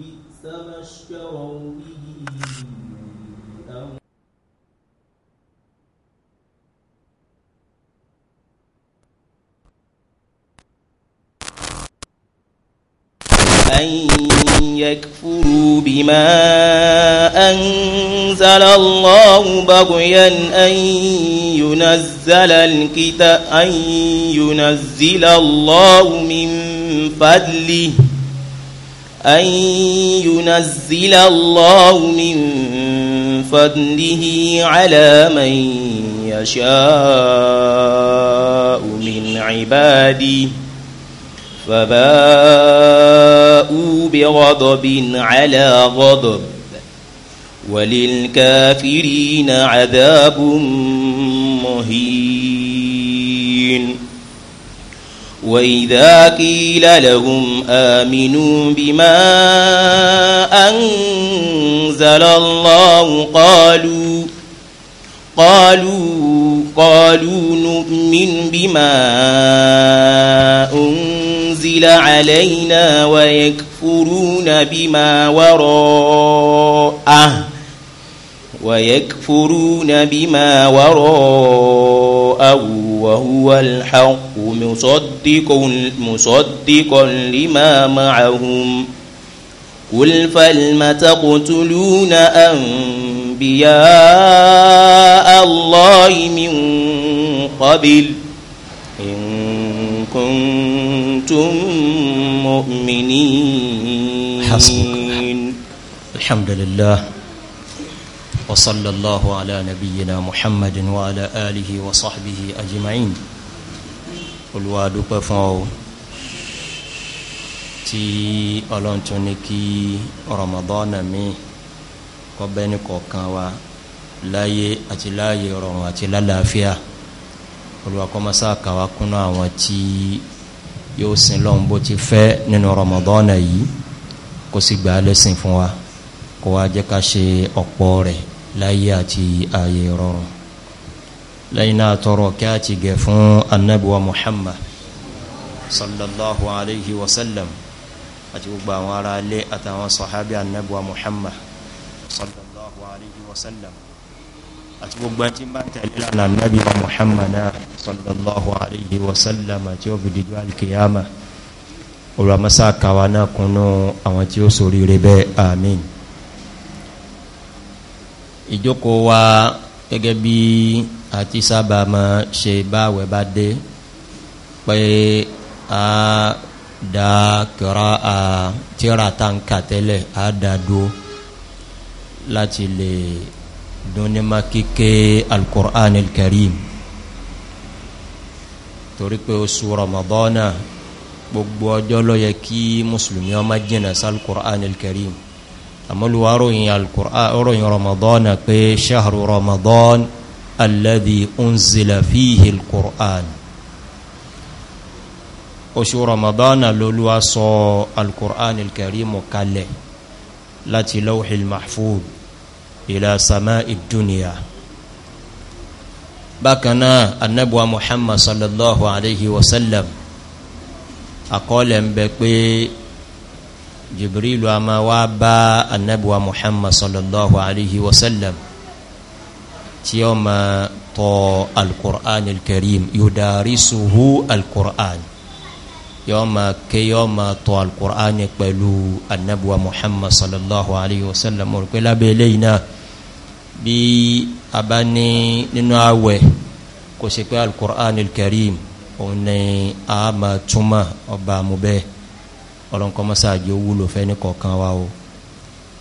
اشتروا به أن يكفروا بما أنزل الله بغيا أن ينزل الكتاب أن ينزل الله من فضله أن ينزل الله من فضله على من يشاء من عباده فباءوا بغضب على غضب وللكافرين عذاب مهين وإذا قيل لهم آمنوا بما أنزل الله قالوا قالوا قالوا نؤمن بما أنزل علينا ويكفرون بما وراءه ويكفرون بما وراءه وهو الحق مصدق مصدقا لما معهم قل فلم تقتلون أنبياء الله من قبل إن كنتم مؤمنين حسبك الحمد لله وصلى الله على نبينا محمد وعلى آله وصحبه أجمعين Olúwa dúpẹ́ fún ọ tí Ọlọ́run tún ní kí Ramadana mi kó bá ẹni kọ̀ọ̀kan wa láyé àti láàyè rọrùn àti lálàáfíà Olúwa kó máa ṣe ká wa kúnnú àwọn tí yóò sin lọ́hùn bó ti fẹ́ nínú Ramadana yìí kó sì gbà á lẹ́sìn fún wa kó wá jẹ́ ká ṣe ọ̀pọ̀ rẹ̀ láyé àti ààyè rọrùn lẹ́yìn náà tọrọ kí a ti gẹ̀ fún anábíwa muhammad sallallahu alayhi wa sallam àti gbogbo àwọn ará ilé àtàwọn sọ̀hábí anábíwa muhammad sallallahu alayhi wa sallam àti gbogbo ẹni tí bá ń tẹ̀lé lánàá anábíwa muhammad sallallahu alayhi wa sallam àti ó fi dìjú olùwàmásá kàwa náà kúnnú àwọn tí ó sórí rẹ bẹ́ẹ̀ amín ìjókò wa gẹ́gẹ́ bí àti sábà ma ṣe báwẹ̀ bá dé pé a dá kọ́rọ̀ à tíra tánkà tẹ́lẹ̀ a dádó láti lè dúnnímá kíké al-Qur'an al-Karim torí pé oṣù Ramadana gbogbo ọjọ́ ló yẹ kí mùsùlùmí ó máa sí al-Qur'an al-Karim àmọ́lùwà ròyìn al-Qur'an ròyìn Ramadan pé shahru Ramadan alladhi unzila fihi al-Qur'an oṣù Ramadan lolúwa sọ al-Qur'an al-Karim kalẹ̀ láti lawhil mahfuz ila sama'id dunya bákanáà annabuwa Muhammad sallallahu alayhi wa akọ́lẹ̀ ń bẹ pé jibrilu a ma wá bá annabuwa muhammad sallallahu alaihi wasallam tí ó ma tọ alkur'an alkarim yudarisuhu alkur'an yóò ma ké yóò ma tọ alkur'an pẹ̀lú annabuwa muhammad sallallahu alaihi wasallam mo rò pé lábẹ́ eléyìí náà bí a bá ní nínú àwẹ̀ kò sí pé alkur'an alkarim òun ni a ma túmọ̀ ọba mu bẹ́ẹ̀ ọlọ́run kọ́ mọ́sáàjì ó wúlò fẹ́ ní kọ̀ọ̀kan wa o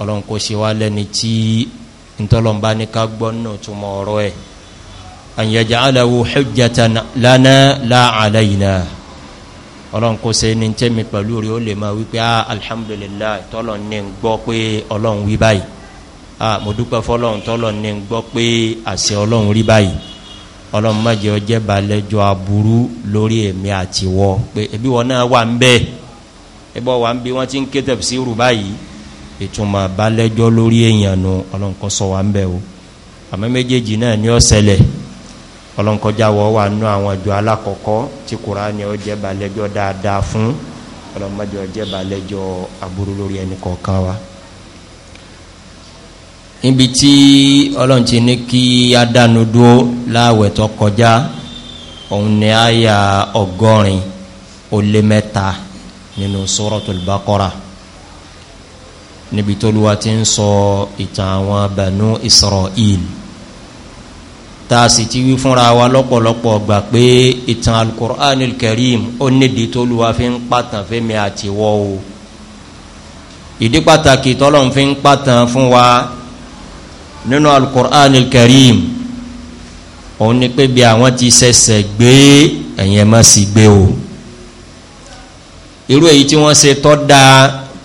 ọlọ́run kò ṣe wá lẹ́ni tí ntọ́lọ́mbá ní ká gbọ́ nù túmọ̀ ọ̀rọ̀ ẹ̀ àyẹ̀jẹ̀ aláwo hujjata lana la alayna ọlọ́run kò ṣe ní tẹ́mi pẹ̀lú rí ó lè máa wípé ah alhamdulilayi tọ́lọ̀ ní ń gbọ́ pé ọlọ́run wí báyìí ah mo dúpẹ́ fọlọ́run tọ́lọ̀ ní ń gbọ́ pé àṣẹ ọlọ́run rí báyìí ọlọ́run má jẹ́ ọjẹ́ balẹ̀ jọ aburú lórí èmi àtiwọ́ pé ẹbí wọn náà wà ń bẹ́ẹ̀ ẹbọ wà ń bí wọ́n ti ń ké tẹ̀pù sí rù báyìí ìtumọ̀ balẹ́jọ́ lórí èèyàn nu ọlọ́nkọ́ sọ wà ń bẹ̀ o àmọ́ méjèèjì náà ni ó ṣẹlẹ̀ ọlọ́nkọjá wọ́ wà nú àwọn ìjọ alákọ̀ọ́kọ́ tí kùránì ó jẹ́ balẹ́jọ́ dáadáa fún ọlọ́mọdé ó jẹ́ balẹ́jọ́ aburú lórí ẹnì kọ̀ọ̀kan wa níbi tí ọlọ́run ti ní kí adánu dúó láàwẹ̀ tó kọjá òun ni àyà ọgọ́rin ó lé mẹ́ta nínú suratul baqara níbi tó lùwà ti ń sọ ìtàn àwọn banu isra'il tá a sì ti wí fúnra wa lọ́pọ̀lọpọ̀ gbà pé ìtàn alukur'anil karim ó nídìí tó lùwà fi ń pàtàn fẹ́mi àtiwọ́ o ìdí pàtàkì tọ́lọ́n fi ń pàtàn fún wa nínú alukur'anil karim òun ni pé bí àwọn ti ṣẹ̀ṣẹ̀ gbé ẹ̀yẹn má sì gbé o irú èyí tí wọ́n ṣe tọ́ dáa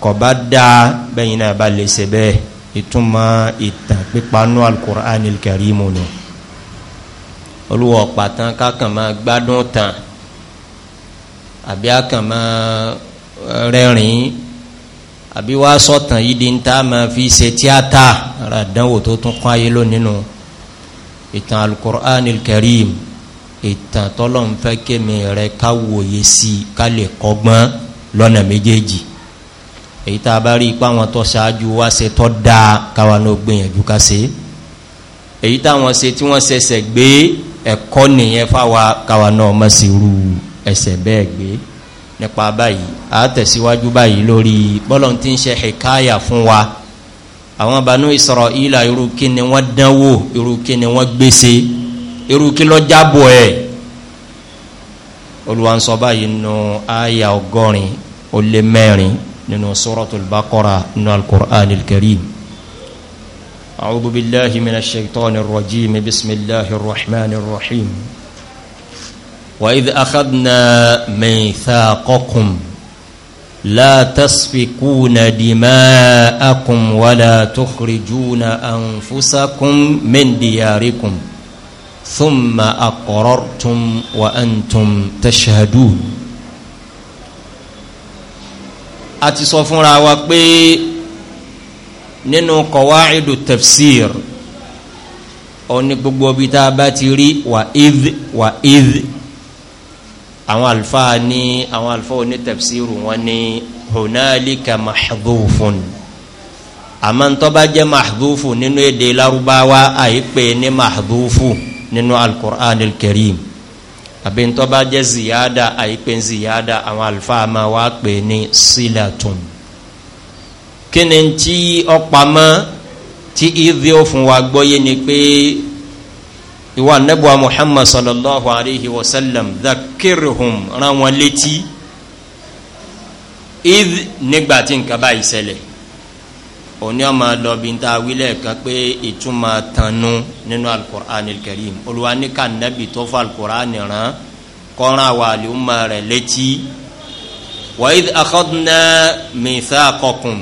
kọ̀ bá dáa bẹ́yìn náà bá lè ṣe bẹ́ẹ̀ ìtumọ̀ ìtàn pípanú alukur'an karimu nù olúwa ọ̀pàtàn kákan máa gbádùn tàn àbí àkàn máa rẹ́rìn àbí wá sọ̀tàn yìí di ń tá máa fi ṣe tíátà ara àdánwò tó tún kún ayé lónìí nù ìtàn alukur'an karimu ìtàn tọ́lọ́n fẹ́ kémi rẹ ká sí ká lè kọ́gbọ́n lọ́nà méjèèjì èyí tá a bá rí ipá wọn tó ṣáájú wá ṣe tó dáa káwa náà gbìyànjú ká ṣe èyí táwọn ṣe tí wọ́n ṣẹ̀ṣẹ̀ gbé ẹ̀kọ́ nìyẹn fáwa káwa náà mọ̀ sí irú ẹ̀ṣẹ̀ bẹ́ẹ̀ gbé nípa báyìí a tẹ̀síwájú báyìí lórí bọ́lọ̀n tí ń ṣe hikaya fún wa àwọn Banu Israila irú kí ni wọ́n dánwò irú kí ni wọ́n gbèsè irú kí lọ jábọ̀ ẹ̀ olùwànsọ báyìí nù àyà ọgọ́rin ó lé mẹ́rin nínú sọ́rọ̀tul baqara nínú al-qur'an al-karim أعوذ بالله من الشيطان الرجيم بسم الله الرحمن الرحيم وإذ أخذنا ميثاقكم لا تسفكون دماءكم ولا تخرجون أنفسكم من دياركم ۖ thumma aqrartum wa antum tashhadun a ti sọ fúnra wa pé nínú qawaidu tafsir ọ̀ní gbogbo bí tá a bá ti rí wà idh wà idh àwọn àlùfáà ní àwọn àlùfáà oní tafsiru wọn ní hunalika mahdhufun àmọ́ ntọ́ bá jẹ́ mahdhufu nínú èdè Lárúbáwá àyípe ní mahdhufu nínú alukur'an karim àbí tó bá jẹ́ ziyada àìpé ziyada àwọn àlùfáà máa wá pè ní silatun kí ni tí ọ̀pamọ́ tí ìdí ó fún wa gbọ́yé ni pé ìwà nẹ́bùwà muhammad sallallahu alayhi wa sallam dhakirhum ran wọn létí ìdí nígbà tí nǹkan báyìí ṣẹlẹ̀ òní ọmọ lọ́bìntà wílẹ̀ kan pé ìtumọ̀ tanu nínú alukur'an karim olùwà ní ká nàbì tó fọ alukur'an rán kọ́ran wà lùmọ̀ rẹ̀ létí wa idh akhadna mithaqakum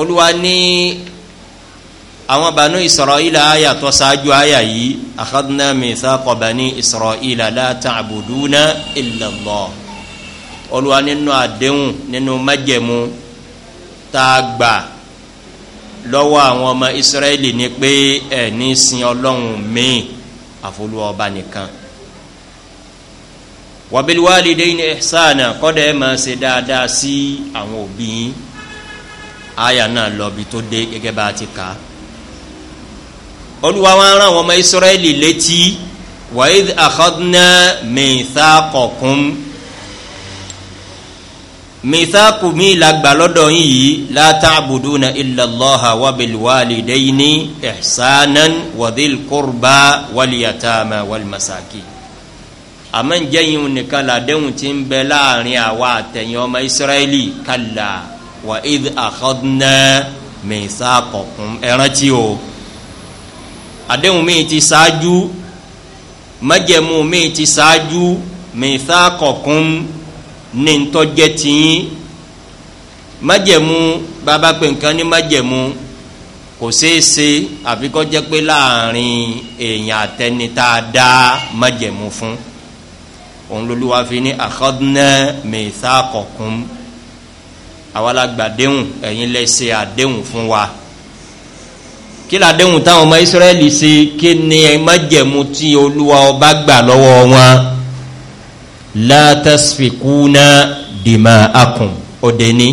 olùwà ní àwọn banu isra'ila aya tó ṣáájú aya yìí akhadna mithaqa bani isra'ila la ta'buduna illa Allah olùwà nínú àdéhùn nínú májẹ̀mú tá a gbà lọ́wọ́ àwọn ọmọ israẹli ni pé ẹ̀ ní sin ọlọ́run míì àfolúọba nìkan wàbíwálidéyìn ẹ̀sánà kọ́dẹ̀ ẹ̀ máa ṣe dáadáa sí àwọn òbí yín àyà náà lọ́bi tó dé gẹ́gẹ́ bá a ti kà á olùwà wọn rán àwọn ọmọ israẹli létí wàhíd àkọ́dúnà mẹ́ta kọ̀ọ̀kún mìtàkù mi làgbà lọ́dọ̀ yín yìí látàbùdù na ilàlọ́ha wàbílwàlì dẹ́yìní ẹ̀sánán wàdíl kúrbà wàlíyàtàmà wàlmàsàkì. àmọ́ njẹ́yìn nìkan làdéhùn ti ń bẹ láàrin àwa àtẹ̀yìn ọmọ ìsírẹ́lì kàlà wà ìdí àkọ́dúnà mìtàkọ̀kún ẹ̀rántí o. àdéhùn mi ti ṣáájú májẹ̀mú mi ti ṣáájú mìtàkọ̀kún ẹ̀rántí o ní ntọ́jẹ́ tiyín májẹ̀mú bàbá pé nǹkan ní májẹ̀mú kò ṣeé ṣe àfi kọ́ jẹ́ pé láàrin èèyàn àtẹni tá a dá májẹ̀mú fún òun lolúwa fi ní akhadna mithaqakum àwa la gbàdéhùn ẹ̀yin lẹ ṣe àdéhùn fún wa kí la déhùn táwọn ọmọ Ísírẹ́lì ṣe kí ni ẹ májẹ̀mú olúwa ọba gbà lọ́wọ́ wọn látàsfikúnà dìmà akùn òde ní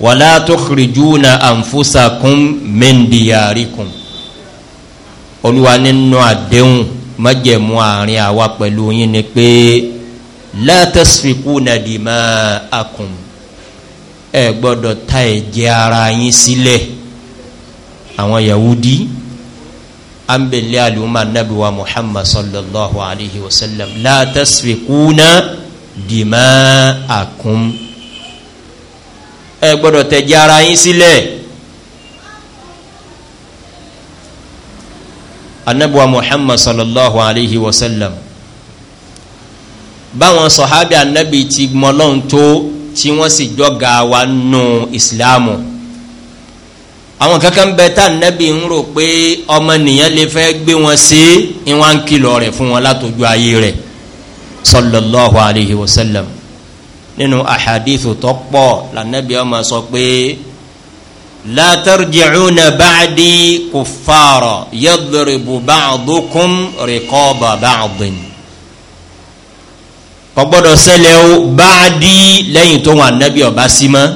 wàlá tó kìrìjúnà ànfúsàkùn mẹ́ndìyàríkùn olúwa nínú àdéhùn májẹ̀mú àárín àwa pẹ̀lú yín ni pé látàsfikúnà dìmà akùn ẹ gbọ́dọ̀ ta ẹ̀jẹ̀ ara yín sílẹ̀ àwọn yahudi. Si ambele aluma nabi wa muhammad sallallahu alaihi wasallam la tasfikuna dima akum ẹ gbọ́dọ̀ tẹ̀jẹ́ ara yín sílẹ̀ anabi wa muhammad sallallahu alaihi wasallam báwọn sọ̀hábì anabi ti mọ́lọ́n tó tí wọ́n sì jọ́ga wa nù ìsìlámù àwọn kankan bẹ tá nẹ́bí ń rò pé ọmọ nìyẹn lè fẹ́ gbé wọn sí ìwọ̀n ń kìlọ̀ rẹ̀ fún wọn látọjú ayé rẹ̀ sallallahu alayhi wa sallam nínú ahadithu tó pọ̀ lànàbí ọmọ sọ pé la tarji'una ba'di kuffara yadribu ba'dukum riqaba ba'din kò gbọ́dọ̀ o ba'di lẹ́yìn tó wọn ànàbí ọba sí mọ́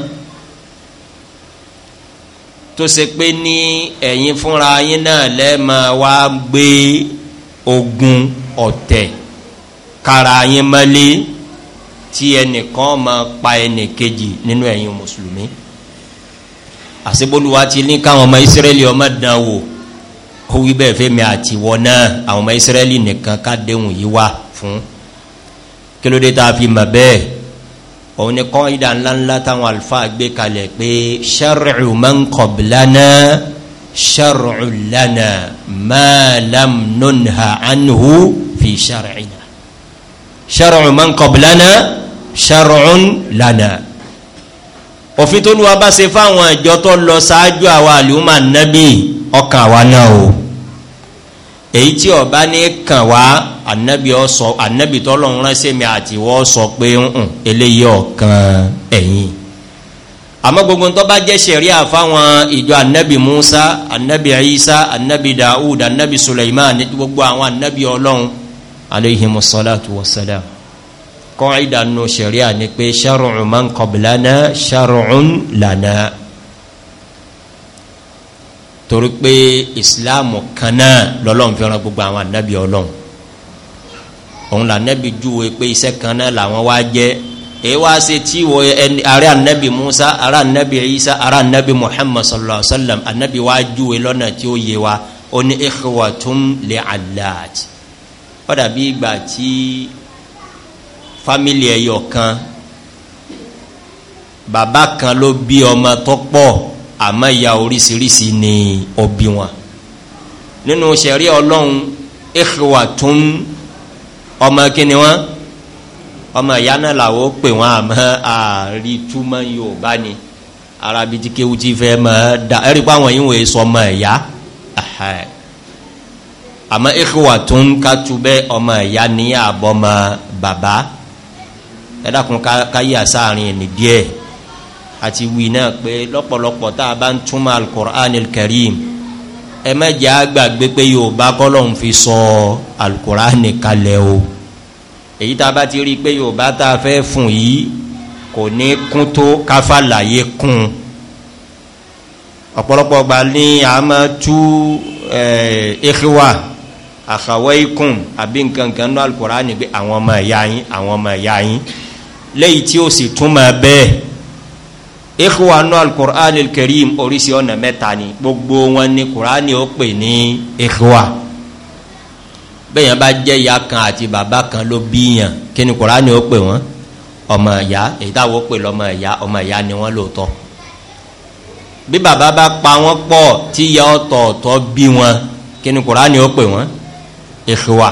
tó ṣe pé ní ẹ̀yin fúnra yín náà lẹ́ẹ̀mọ wá gbé ogun ọ̀tẹ̀ kára yín mọ́lé tí ẹnìkan máa pa ẹnìkejì nínú ẹ̀yin mùsùlùmí àṣebóluwa ti ní káwọn ọmọ ìsírẹ́lì ọmọ dán wò ó wí bẹ́ẹ̀ fẹ́mi àtiwọ náà àwọn ọmọ ìsírẹ́lì nìkan ká déhùn yìí wà fún kí ló dé tá a fi mọ̀ bẹ́ẹ̀ òun ni kọ́ ìdá ńláńlá táwọn alfa gbé kalẹ̀ pé ṣẹ́rù man kọ̀bìlánà ṣẹ́rù lánà máàlám nùnà ánìhù fi ṣẹ́rù ìnà ṣẹ́rù man kọ̀bìlánà ṣẹ́rù lánà òfin tó lù wá bá fáwọn ìjọ tó lọ ṣáájú àwa àlùmọ̀ nábì ọkàn àwa náà o èyí tí ọba ní kàn wá anabi ọsọ anabi tọlọ́run ránṣẹ́ mi àti wọ́n sọ pé ń eléyìí ọ̀kan ẹ̀yìn àmọ́ gbogbo tó bá jẹ́ sẹ̀ríà fáwọn ìjọ anabi musa anabi isa anabi daoud anabi suleiman gbogbo àwọn anabi ọlọ́run aleyhimu salatu wa salam kọ́ ìdánù sẹ̀ríà ni pé shar'u man qablana shar'un lana torí pé ìsìláàmù kan náà lọ́lọ́run fi ran gbogbo àwọn ànábì ọlọ́run òun là nẹ́bi júwe pé iṣẹ́ kan náà làwọn wá jẹ́ èyí ṣe tí wọ ẹni ara ànábì Musa ara ànábì Isa ara ànábì Muhammad sallallahu alaihi wa sallam ànábì wá júwe lọ́nà tí ó yé wa ó ní ikhwatum li allat ó dàbí ìgbà tí fámìlì ẹ̀yọ̀ kan bàbá kan ló bí ọmọ tó pọ̀ àmọ́ ìyà oríṣiríṣi ni ọbí wọn nínú sẹ̀rí ọlọ́run ìhùwà tó ń ọmọ kíni wọn ọmọ ìyá náà làwọn pè wọn àmọ́ àrítúmọ̀ yorùbá ni arabi ti kéwu ti fẹ́ mọ̀ ẹ́ da ẹ̀rí pa àwọn yìí wọ́n sọ ọmọ ìyá àmọ́ ìhùwà tó ń kàtú bẹ́ ọmọ ìyá ní àbọ̀mọ bàbá ẹ̀dá kun ká yí àsáàrin ẹ̀ nìdíẹ̀ àti wì náà pé lọ́pọ̀lọpọ̀ tá a bá ń túmọ̀ alukur'an karim ẹ mẹ́jẹ̀ á gbàgbé pé yorùbá kọ́lọ̀ ń fi sọ alukur'an kalẹ̀ o èyí tá a bá ti rí i pé yorùbá tá a fẹ́ fún yìí kò ní kún tó káfà láyé kún ọ̀pọ̀lọpọ̀ gba ní àmọ́ tú ẹ̀ẹ́dẹ́gbẹ̀wá àkàwẹ́ikùn àbí nǹkan kan ní alukur'an pé àwọn ọmọ ẹ̀yà yín àwọn ọmọ ẹ̀yà yín lẹ́yìn tí ó sì túmọ̀ bẹ́ẹ̀ ikhwa nu alukur'an karim oríṣi ọ̀nà mẹ́ta ni gbogbo wọn ni kur'an ó pè ní ikhwa bẹ́ẹ̀yàn bá jẹ́ ìyá kan àti bàbá kan ló bíyàn kí ni kur'an ó pè wọ́n ọmọ ìyá èyí táwọn pè lọ́mọ ìyá ọmọ ìyá ni wọ́n lóòótọ́ bí bàbá bá pa wọ́n pọ̀ tí ìyá ọ̀tọ̀ọ̀tọ̀ bí wọn kí ni kur'an ó pè wọ́n ikhwa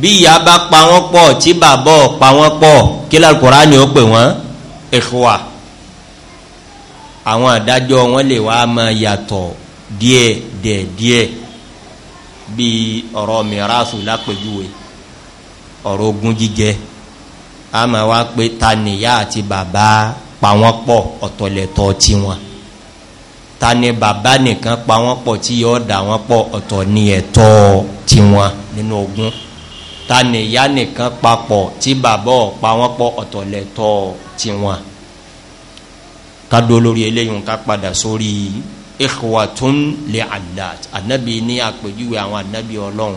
bí ìyá bá pa wọ́n pọ̀ tí bàbá pa wọ́n pọ̀ kí lálùkùránì ó pè wọ́n ẹ̀kọ́wà àwọn àdájọ́ wọn lè wá máa yàtọ̀ díẹ̀ díẹ̀ díẹ̀ bí ọ̀rọ̀ mìíràsù lápẹjúwe ọ̀rọ̀ ogun jíjẹ a máa wá pé ta nìyá àti bàbá pa wọ́n pọ̀ ọ̀tọ̀lẹ̀tọ̀ tiwọn ta ni bàbá nìkan pa wọ́n pọ̀ tí yóò dà wọ́n pọ̀ ọ̀tọ̀ ni ẹ̀tọ́ tiwọn nínú ogun. No ta nìyá nìkan papọ̀ tí bàbá ọ̀pá wọn pọ̀ ọ̀tọ̀lẹ̀tọ̀ tiwọn ká dó lórí eléyìí ká padà sórí ikhwatun lè adat anabi ní àpèjúwe àwọn anabi ọlọ́run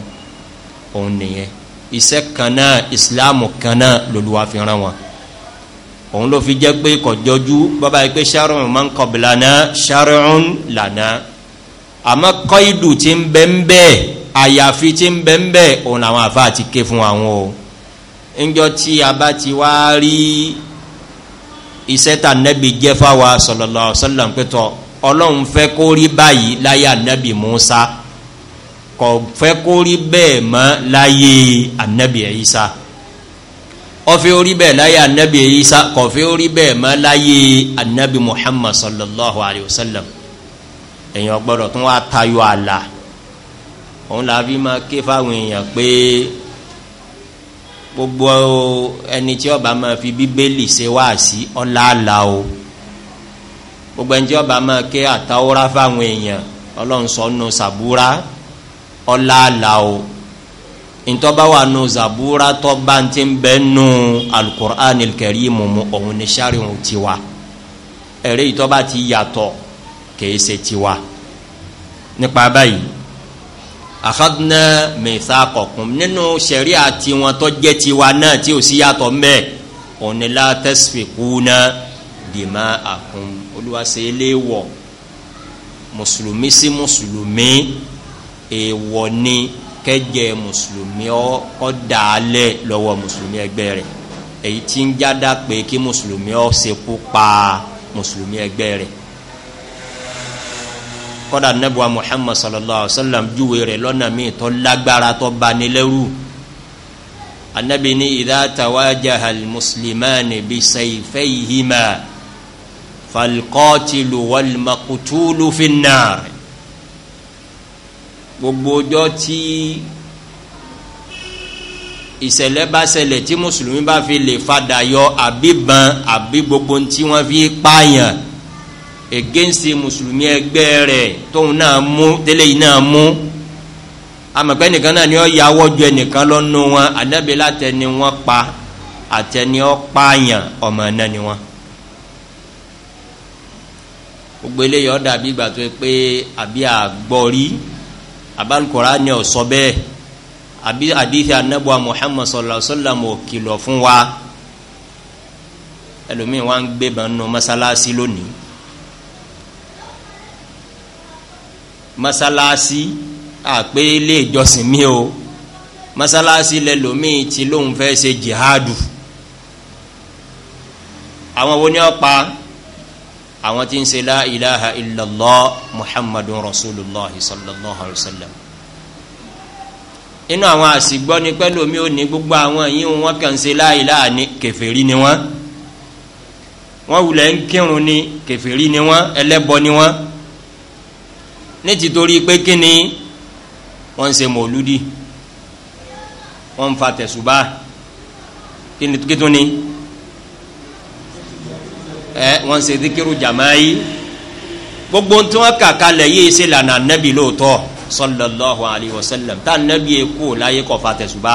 òun nìyẹn iṣẹ́ kan náà ìsìláàmù kan náà lòlúwa fi ràn wọn òun ló fi jẹ́ pé kọjọ́jú bàbá yìí pé sharun máa ń kọ̀bìlànà sharun lànà àmọ́ kọ́ ìdù tí ń bẹ́ẹ̀ bẹ́ẹ̀ àyàfi tí ń bẹ́ ń bẹ́ òun làwọn àfa ti ké fún àwọn o ńjọ tí a bá ti wá rí iṣẹ́ tà nẹ́bi jẹ́ fáwa sọlọ́lọ́ sọlọ́n pẹ́tọ́ ọlọ́run fẹ́ kó rí báyìí láyé ànẹ́bi musa kò fẹ́ kó rí bẹ́ẹ̀ mọ́ láyé ànẹ́bi ẹ̀yísá ọfẹ́ orí bẹ́ẹ̀ láyé ànẹ́bi ẹ̀yísá kò fẹ́ orí bẹ́ẹ̀ mọ́ láyé ànẹ́bi muhammad sọlọ́lọ́ àlẹ́ òsọlọ́m èèyàn tún wá tayọ àlà òun la fi máa ké fáwọn èèyàn pé gbogbo ẹni tí ọba máa fi bíbélì ṣe wá sí ọláàlá o gbogbo ẹni tí ọba máa ké àtàwọ́rá fáwọn èèyàn ọlọ́run sọ nù sàbúrà ọláàlá o ntọ́ba wà nù sàbúrà tọ́ba ti ń bẹ́ nù alukur'an karim mu òun ní sáré tiwa ẹ̀rẹ́ ìtọ́ba ti yàtọ̀ kèé tiwa nípa báyìí. Akadna mẹ́ta kọ̀kùn nínú sẹ̀rí àti wọn tó jẹ́ tiwa náà tí ò sí yàtọ̀ mẹ́ ònilá tẹ́sífìkú náà dìmá àkùn olùwàsẹ̀ ilé wọ̀ mùsùlùmí sí mùsùlùmí èèwọ̀ ni kẹjẹ mùsùlùmí ọ̀dàlẹ̀ lọ́wọ́ mùsùlùmí ẹgbẹ́ rẹ̀ èyí tí ń jáda pé kí mùsùlùmí ọ̀ ṣekú pa mùsùlùmí ẹgbẹ́ rẹ̀ kọ́dà nẹ́bùwà muhammad sallallahu alayhi wa sallam júwe rẹ̀ lọ́nà míì tó lágbára tó ba ní lẹ́rù anabi ni idha tawajaha almuslimani bisayfayhima falqatilu walmaqtulu finnar gbogbo ọjọ́ tí ìṣẹ̀lẹ̀ bá ṣẹlẹ̀ tí mùsùlùmí bá fi lè fadà yọ àbí ban àbí gbogbo tí wọ́n fi pààyàn against mùsùlùmí ẹgbẹ́ rẹ̀ tóun náà mú tẹ́lẹ̀ yìí náà mú amẹ̀pẹ́ nìkan náà ni ó ya awọ́jọ ẹnìkan lọ́nu wọn ànábì látẹni wọn pa àtẹni ó pààyàn ọmọ náà ni wọn. gbogbo eléyìí ó dàbí ìgbà tó pé àbí àgbọ̀rí abalukora ni ó sọ bẹ́ẹ̀ àbí àdìsí Muhammad sallallahu alaihi wasallam ò kìlọ̀ fún wa ẹlòmíín wa ń gbé bẹ́ẹ̀ nù mọ́sálásí lónìí. masalasi àpé ilé ìjọsìn mi o masalasi lẹ lomiin ti lóun fẹ́ ṣe jihadu àwọn wo ni ọ pa àwọn tí ń ṣe la ilaha illallah muhammadun rasulillah sallallahu alayhi wa sallam inú àwọn àsìgbọ́ ni pẹ́ lomi ò ní gbogbo àwọn yìí wọn kàn ń ṣe la ilaha ní kèfèrí ni wọ́n wọ́n wulẹ̀ ń kírun ní kèfèrí ni wọ́n ẹlẹ́bọ ni wọ́n ní ti torí pé kíni wọ́n ń ṣe mọ̀lúdì wọ́n ń fa tẹ̀sùbá kíni kíkún ni ẹ wọ́n ń ṣe díkìrù gbogbo tí wọ́n kà kalẹ̀ yìí ṣe lànà nẹ́bí lóòótọ́ sallallahu alayhi wa sallam tá nẹ́bí yẹ kó láyé kọ́ fa tẹ̀sùbá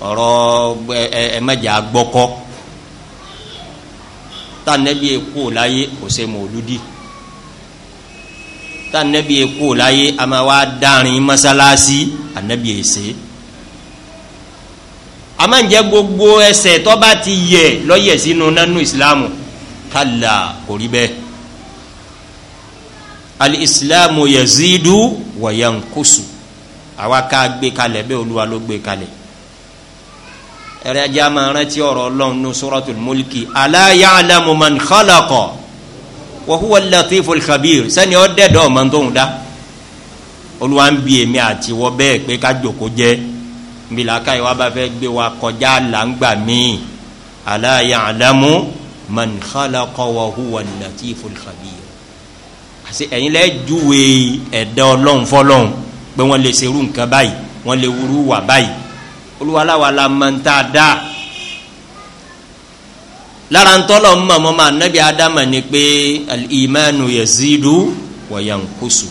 ọ̀rọ̀ ẹ ẹ mẹ́jà gbọ́kọ́ tá nẹ́bí yẹ kó láyé kò ṣe mọ̀lúdì tá anabi yẹ kó láyé a máa wá dárin masalasi anabi yẹ ṣe a máa ń jẹ gbogbo ẹsẹ tó bá ti yẹ lọ́yẹ̀ sínú nánú ìsìlámù kálá kò rí bẹ́ẹ̀ alìsílámù yazidu wàyànkusu àwa ká gbé kalẹ̀ bẹ́ẹ̀ olúwa ló gbé kalẹ̀ ẹ̀rẹ́ ajá máa rántí ọ̀rọ̀ ọlọ́run ní suratul mulki ala ya'lamu man khalaqa wọ́húwọ́ lẹ́tífò ìkàbíyì sẹ́ni ọ́ dẹ́dọ̀ ọmọ tó ń da olúwa ń bi èmi àti wọ́ bẹ́ẹ̀ pé ká jòkó jẹ́ nbìlà káyọ̀ wá bá fẹ́ gbé wa kọjá làǹgbà míì aláàyè àlámú mọ̀nìkálàkọ́ wọ́húwọ́ lẹ́tífò ìkàbíyì àti ẹ̀yin lẹ́ júwe ẹ̀dá ọlọ́run fọlọ́run pé wọ́n lè serú nǹkan báyìí wọ́n lè wúrú wà báyìí olúwa la mọ̀ ń tá dáa lára ń tọ́lọ̀ ń mọ̀ mọ́ máa nábì ádámà ni pé al-imanu yazidu wa yankusu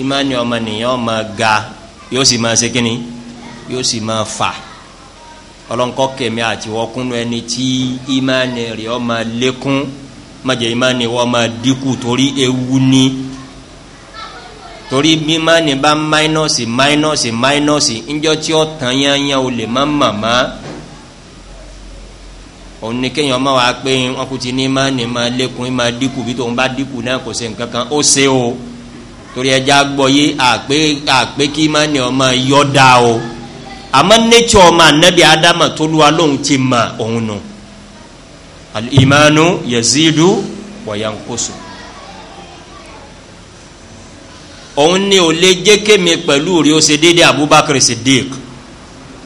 ìmánu ọmọnìyàn ọmọ ga yóò sì máa ṣe kínní yóò sì máa fà ọlọ́nkọ́ kẹ̀mí àti wọ́kúnnú ẹni tí ìmánu rẹ̀ ọmọ lékún májẹ̀ ìmánu wọ́n máa dínkù torí ewu ni torí bí ìmánu bá máínọ́ọ̀sì máínọ́ọ̀sì máínọ́ọ̀sì ńjọ́ tí ó tàn yányá o lè má màmá. Ma òun ni kéèyàn máa wá pé wọn kò ti ní má ní má lékun má dínkù bí tóun bá dínkù náà kò ṣe nǹkan kan ó ṣe o torí ẹja gbọ́ yé àpé àpé kí má ní ọmọ yọ da o àmọ́ nature ọmọ anabi adama tó lu wa ti mọ òun nù alimanu yazidu wayankoso òun ni ò lè jẹ́ kémi pẹ̀lú rí o ṣe déédéé abubakar siddiq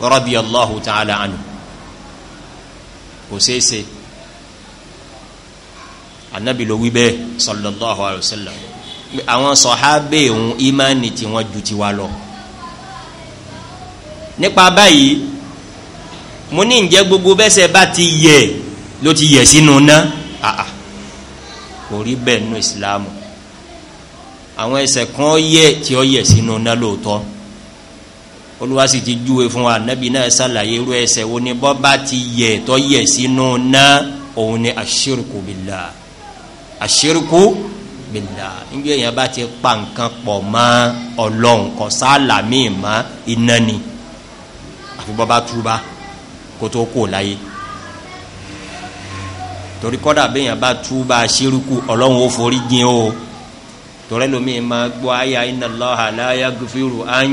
rabi allahu ta'ala anu kò ṣeé ṣe anabi ló wí bẹ́ẹ̀ sallallahu alayhi sallam àwọn sọ̀hábẹ́ òun imani tí wọ́n ju tiwa lọ. nípa báyìí mo ní ǹjẹ́ gbogbo bẹ́sẹ̀ bá ti yẹ ló ti yẹ sínú ná àà kò rí bẹ́ẹ̀ nínú ìsìlámù àwọn ẹsẹ̀ kan yẹ tí ó yẹ sínú ná lóòótọ́ olúwa sì ti júwe fún wa anabi náà ṣàlàyé irú ẹsẹ̀ wo ni bọ́ bá ti yẹ tọ́ yẹ sínú náà òun ni àṣírìkù bìlà àṣírìkù bìlà nígbà yẹn bá ti pa nǹkan pọ̀ mọ́ ọlọ́run kọ́ sálà míì mọ́ iná ni àfi bọ́ bá kó tó kó láyé torí kọ́dà bẹ́yàn bá túbà àṣírìkù ọlọ́run ó forí jìn o torí lómi máa gbọ́ àyà inna Allaha la yaghfiru an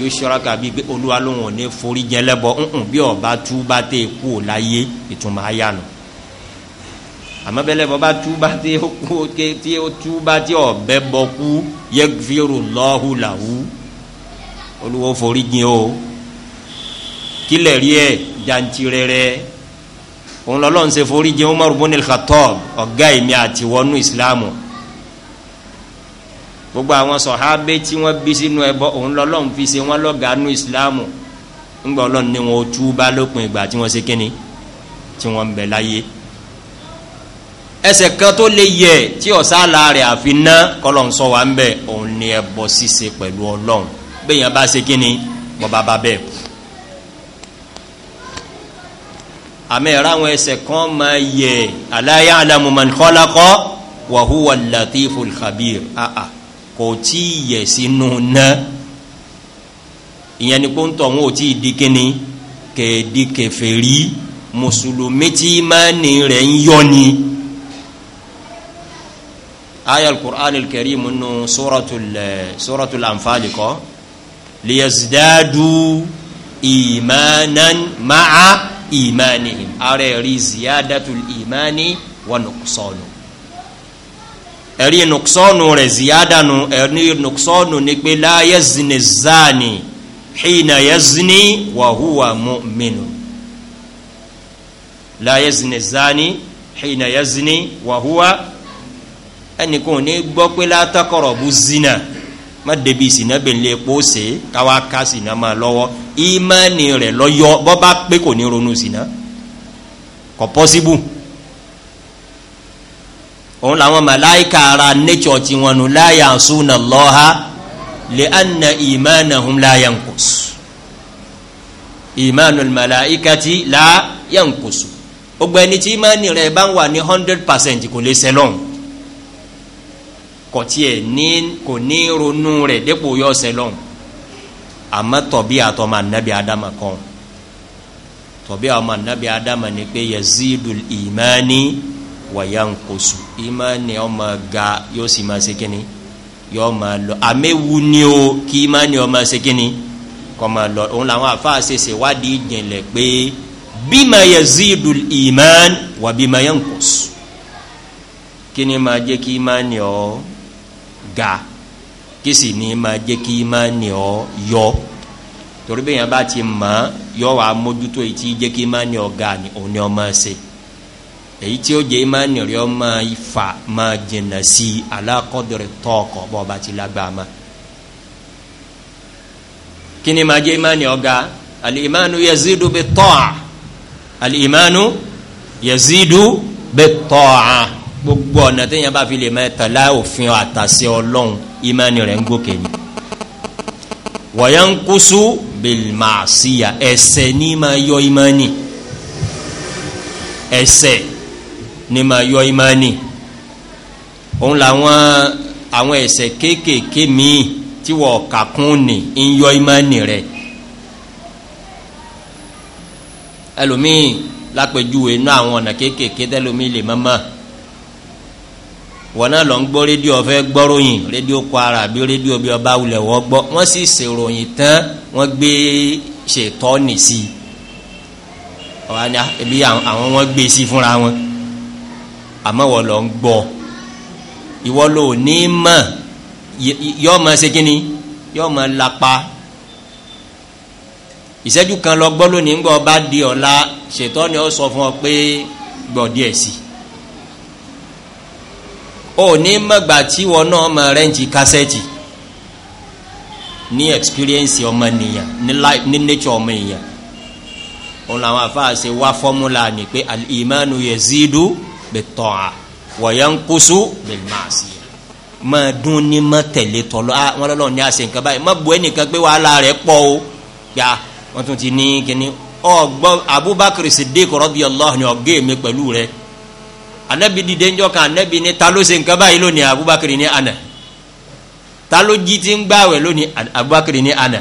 yóò ṣọ́raka bíi pé olúwa ló wọn ní forí jẹ́ lẹ́bọ̀ ńǹ bí ọba tú bá tẹ kú ò láyé ìtumọ̀ ayánu àmọ́ bẹ́lẹ̀ bọ́ bá tú bá tẹ kú tí ó tú bá tẹ ọ̀bẹ bọ́ kú yẹgfiru lọ́hù làwù olúwo forí jẹ́ o kílẹ̀ rí ẹ̀ jantirẹrẹ òun lọ́lọ́run forí jẹ́ Umar ibn al-Khattab ọ̀gá èmi àtiwọ́nú gbogbo àwọn sọ̀hábẹ́ tí wọ́n bí sínú ẹbọ òun lọ́lọ́run fi ṣe wọ́n lọ́gàánú ìsìláàmù ńgbà ọlọ́run ni wọn ò tú bá lópin ìgbà tí wọ́n ṣe kíni tí wọ́n ń bẹ̀ láyé ẹsẹ̀ kan tó lè yẹ tí ọ̀sálà rẹ̀ àfi ná kọ́lọ̀ ń sọ wá ń bẹ̀ òun ni ẹbọ ṣíṣe pẹ̀lú ọlọ́run bẹ́ẹ̀ bá ṣe kíni bọ́ba bá bẹ́ẹ̀ àmì ẹ̀rọ àwọn ẹsẹ̀ kan máa yẹ aláyà alamu man ah ah kò tí ì yẹ̀ sínú ná ìyẹn ni kó ń tọ̀ wọn ò tí ì di kíni kèédi kèfèrí mùsùlùmí tí ìmánì rẹ̀ ń yọ ni. aya al-Qur'an al suratul suratul Anfal kọ́ liyazdadu imanan ma'a imanihim ara ẹ̀ ziyadatul imani wa nuqsanu ẹ̀rí nùksọ́nù rẹ̀ ziyádànù ẹ̀rí nùksọ́nù ni pé láyé zini zani hìnà yẹ zini wàhùwà mọ́mìnù láyé zini zani hìnà yẹ zini wàhùwà ẹnìkan ní gbọ́ pé látọkọ̀rọ̀ bú zina má débi ìsìnà bẹ̀lẹ̀ pósè káwá ká sìnà máa lọ́wọ́ ìmánì rẹ̀ lọ́yọ́ bọ́ bá pé kò ní ronú sìnà kọ́ pọ́síbù òun làwọn màláìka ara nature ti wọn nù la ya'suna Allaha li anna imanahum la yanqus imanul màláìkati la yanqus gbogbo ẹni tí ìmánì rẹ̀ bá ń wà ní hundred percent kò lè sẹlọ̀n kò tiẹ̀ ní kò ní ronú rẹ̀ dépò yọ sẹlọ̀n àmọ́ tọ̀bí àtọmọ ànábì ádámà kan tọ̀bí àtọmọ ànábì ádámà ni pé yazidul imani wàyà ń kóso ìmánì ọmọ ga yóò sì máa ṣe kínní yóò máa lọ àmẹ́wu ni o kí ìmánì ọmọ ṣe kínní kọ́ máa lọ òun làwọn àfáà ṣèṣe wádìí jìnlẹ̀ pé bímọ yẹ zidu ìmán wà bímọ yẹ ń kóso kínní máa jẹ́ kí ìmánì ọ ga kí sì ní máa jẹ́ kí ìmánì ọ yọ torí bẹ́ẹ̀ yẹn bá ti mọ̀ yọ wà mójútó etí jẹ́ kí ìmánì ọ ga ni òun ni ọ máa ṣe èyí tí ó jẹ́ ìmánì rẹ̀ ọ́ máa ifà máa jìnà sí i alákọ̀dọ̀rẹ̀ tọ́ ọkọ̀ bọ́ ọba ti lágbàá kí ni máa jẹ́ ìmánì ọ̀gá alìmánu yazidu bi tọ́à alìmánu yazidu bi tọ́à gbogbo ọ̀nà tẹ́yìn bá fi lè máa tẹ̀lé òfin àtàsí ọlọ́run ìmánì rẹ̀ ń gòkè ni. wọ̀yánkusu bilmaasiya ẹsẹ̀ ní máa yọ ìmánì ẹsẹ̀ ní ma yọ imani òun làwọn àwọn ẹ̀ṣẹ̀ kéékèèké míì tí wọ́n kà kún ní ń yọ imani rẹ̀ ẹlòmíì lápẹjúwe inú àwọn ọ̀nà kéékèèké tẹlòmíì lè mọ́mọ́ wọn náà lọ ń gbọ́ rédíò ọ̀fẹ́ gbọ́ròyìn rédíò kwara àbí rédíò bí ọba wulẹ̀ wọ́n gbọ́ wọ́n sì ṣèròyìn tán wọ́n gbé ṣètọ́ nì sí ọ̀hánà ẹbí ah, àwọn wọn gbé sí fúnra wọn àmọ́ wọ́n lọ ń gbọ́ ìwọ ló ní mọ̀ yọ́ mọ̀ ṣe kíni yọ́ mọ̀ lápá ìṣẹ́jú kan lọ gbọ́ lónìí ńgbọ́ bá di ọ̀la ṣètọ́ ni ó sọ fún ọ pé gbọ́ díẹ̀ sí i ó ní mọ̀gbà tí wọn náà mọ̀ rẹ́ǹtì kásẹ̀tì ní experience ọmọ nìyàn ní life ní nature ọmọ èèyàn òun làwọn afáàṣe wá fọ́múlà ni pé al-imanu yazidu bit-ta'a wa kusu bil-ma'siyah ma dun ni ma tẹ̀lé tọ́lọ́ a wọn lọ́lọ́ ní àṣẹ nǹkan báyìí ma bu ẹnìkan pé wàhálà rẹ̀ pọ̀ o ya wọn tún ti ní kíní ọ gbọ́ Abubakar Siddiq radiyallahu ni ọ̀gẹ́ mi pẹ̀lú rẹ̀ anabi dìde ńjọ́ kan anabi ni ta ló ṣe nǹkan lónìí Abubakar ni ana ta ló jí ti ń gbàwẹ̀ lónìí Abubakar ni ana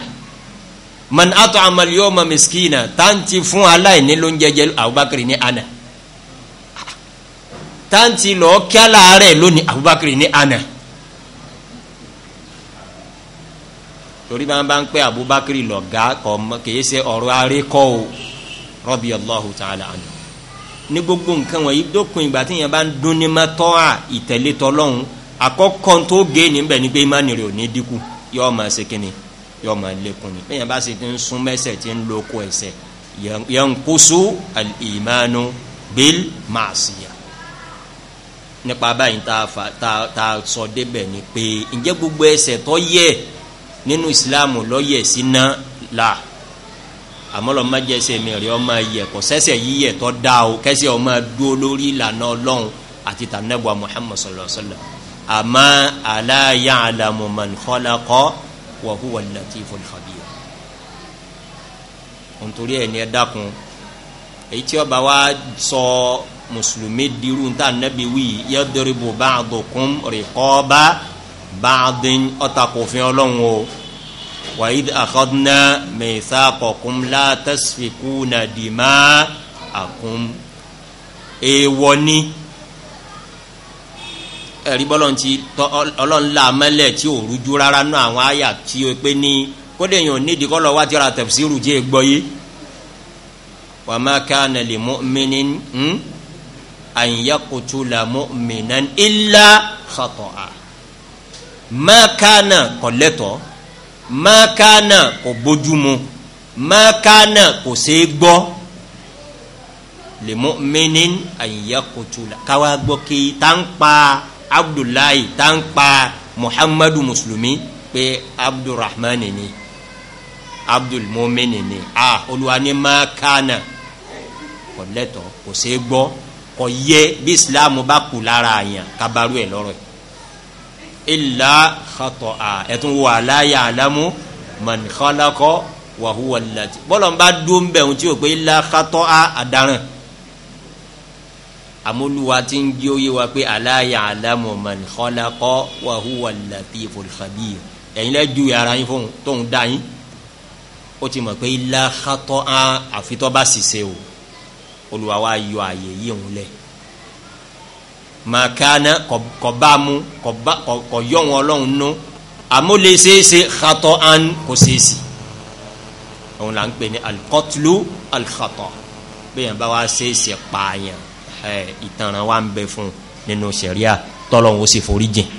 man at'ama al-yawma miskina tanti fún aláìní ló ń jẹjẹ Abubakar ni ana táǹtì lọ kí á láàárẹ̀ lónìí abubakar ní àná torí bá ń bá ń pẹ́ abubakar lọ̀gá ọmọ kìí ṣe ọ̀rọ̀ arékọ́ o rọ́bì allahu ta'ala àná ní gbogbo nǹkan wọ̀nyí dókun ìgbà tí yẹn bá ń dún ní mẹ́tọ́ à ìtẹ̀lé tọ́lọ́hún àkọ́kọ́ tó gé níbẹ̀ ni pé imáni rẹ̀ ò ní dínkù yọ ọmọ ṣe yọ ọmọ lẹ́kùn ni bẹ́ẹ̀ yẹn bá ṣe ti ń sún mẹ́sẹ̀ ti ń lo ẹ̀sẹ̀ yẹn kóso al ìmánu bil màsíyà nípa báyìí tá a sọ débẹ̀ ni pé ǹjẹ́ gbogbo ẹsẹ̀ tó yẹ nínú ìsìláàmù lọ́yẹ̀ síná là àmọ́lọ́ má jẹ́ ẹsẹ̀ mi rí ọmọ yẹ kò sẹ́sẹ̀ yíyẹ tó dá o kẹ́sẹ̀ ọmọ dúró lórí ìlànà ọlọ́run àti tànẹ́bùà Muhammad sallallahu alaihi wasallam àmọ́ ala ya'lamu man khalaqa wa huwa al ẹ̀ ní ẹ dákun èyí tí ọba wa sọ. So, mùsùlùmí dirú ta nabi wí yadribu ba'dukum riqaba ba'din ọ̀tàkùnfin ọlọ́run o wa idh akhadna mithaqakum la tasfikuna dima'akum èèwọ̀ ni ẹ̀rí bọ́lọ́n ti ọlọ́run là mẹ́lẹ̀ tí ò rújú rárá nú àwọn àyà tí o pé ní kódé yìí ò nídìí kọ́ lọ wá tí ra tafsiru jẹ́ gbọ́ yé wa ma kana li mu'minin. Hmm? àyìnyàkùtùlà mu'minan illa khata'a mákànà kò lẹ́tọ̀ mákànà kò bójúmu mákànà kò ṣe é gbọ́ lè mu'minin àyìnyàkùtùlà káwá gbọ́ kí tá ń pa abdullahi tá ń pa muhammadu mùsùlùmí pé abdulrahman ni abdulmumin ni a olùwà ni mákànà kò lẹ́tọ̀ kò ṣe é gbọ́ kò yẹ bí islam bá kù lára yẹn kabaru ẹ lọ́rọ̀ illa khata'a ẹtun wo ala ya'lamu man khalaqa wa huwa allati bọlọ n bá dún bẹ ohun tí o pé illa khata'a adaran amoluwa ti ń jí oyé wa pé ala ya'lamu man khalaqa wa huwa allatiful khabir lẹ ju ara yín fún tóun dá yín ó ti mọ̀ pé illa khata'a àfitọ́ bá sì ṣe o olùwà wa yọ àyè yìí ń lẹ̀ màkàna kọ̀bámu kọ̀yọ̀ wọn ọlọ́run nù amóleseese xatọ an kò seesi òun là ń pè ní alikọtulu alikatọ bẹ́ẹ̀ yẹn bá wa seese pààyàn ẹ ìtanràn wa ń bẹ fún nínú sẹ̀ríà tọ́lọ̀ ń sì forí jìn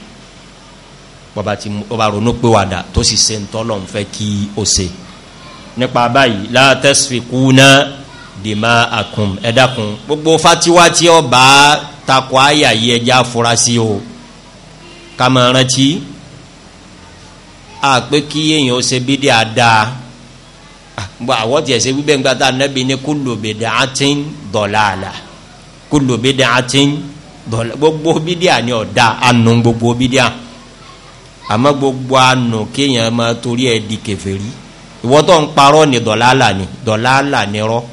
bọ́ba ti bọ́ba ronú pé wà tó sì se ń tọ́lọ̀ fẹ́ kí o se nípa báyìí látẹ́sí náà dema àkùn ẹ̀dàkùn gbogbo fatiwa tí ó bá takọ àyà yìí ẹja afurasí o kàmọ́rántí àpé kí èèyàn ṣe bí dí àdá bọ́ àwọn tiẹ̀ ṣe wíbẹ̀ ńgbà tá anábì ní kullu bid'atin dalala kullu bid'atin dalala gbogbo bí dí àní ọ̀dà ànú gbogbo bí dí à àmọ́ gbogbo ànú kéèyàn máa torí ẹ̀ di kèfèrí ìwọ́tọ̀ ń parọ́ ní dalala ní dalala ní rọ́ọ́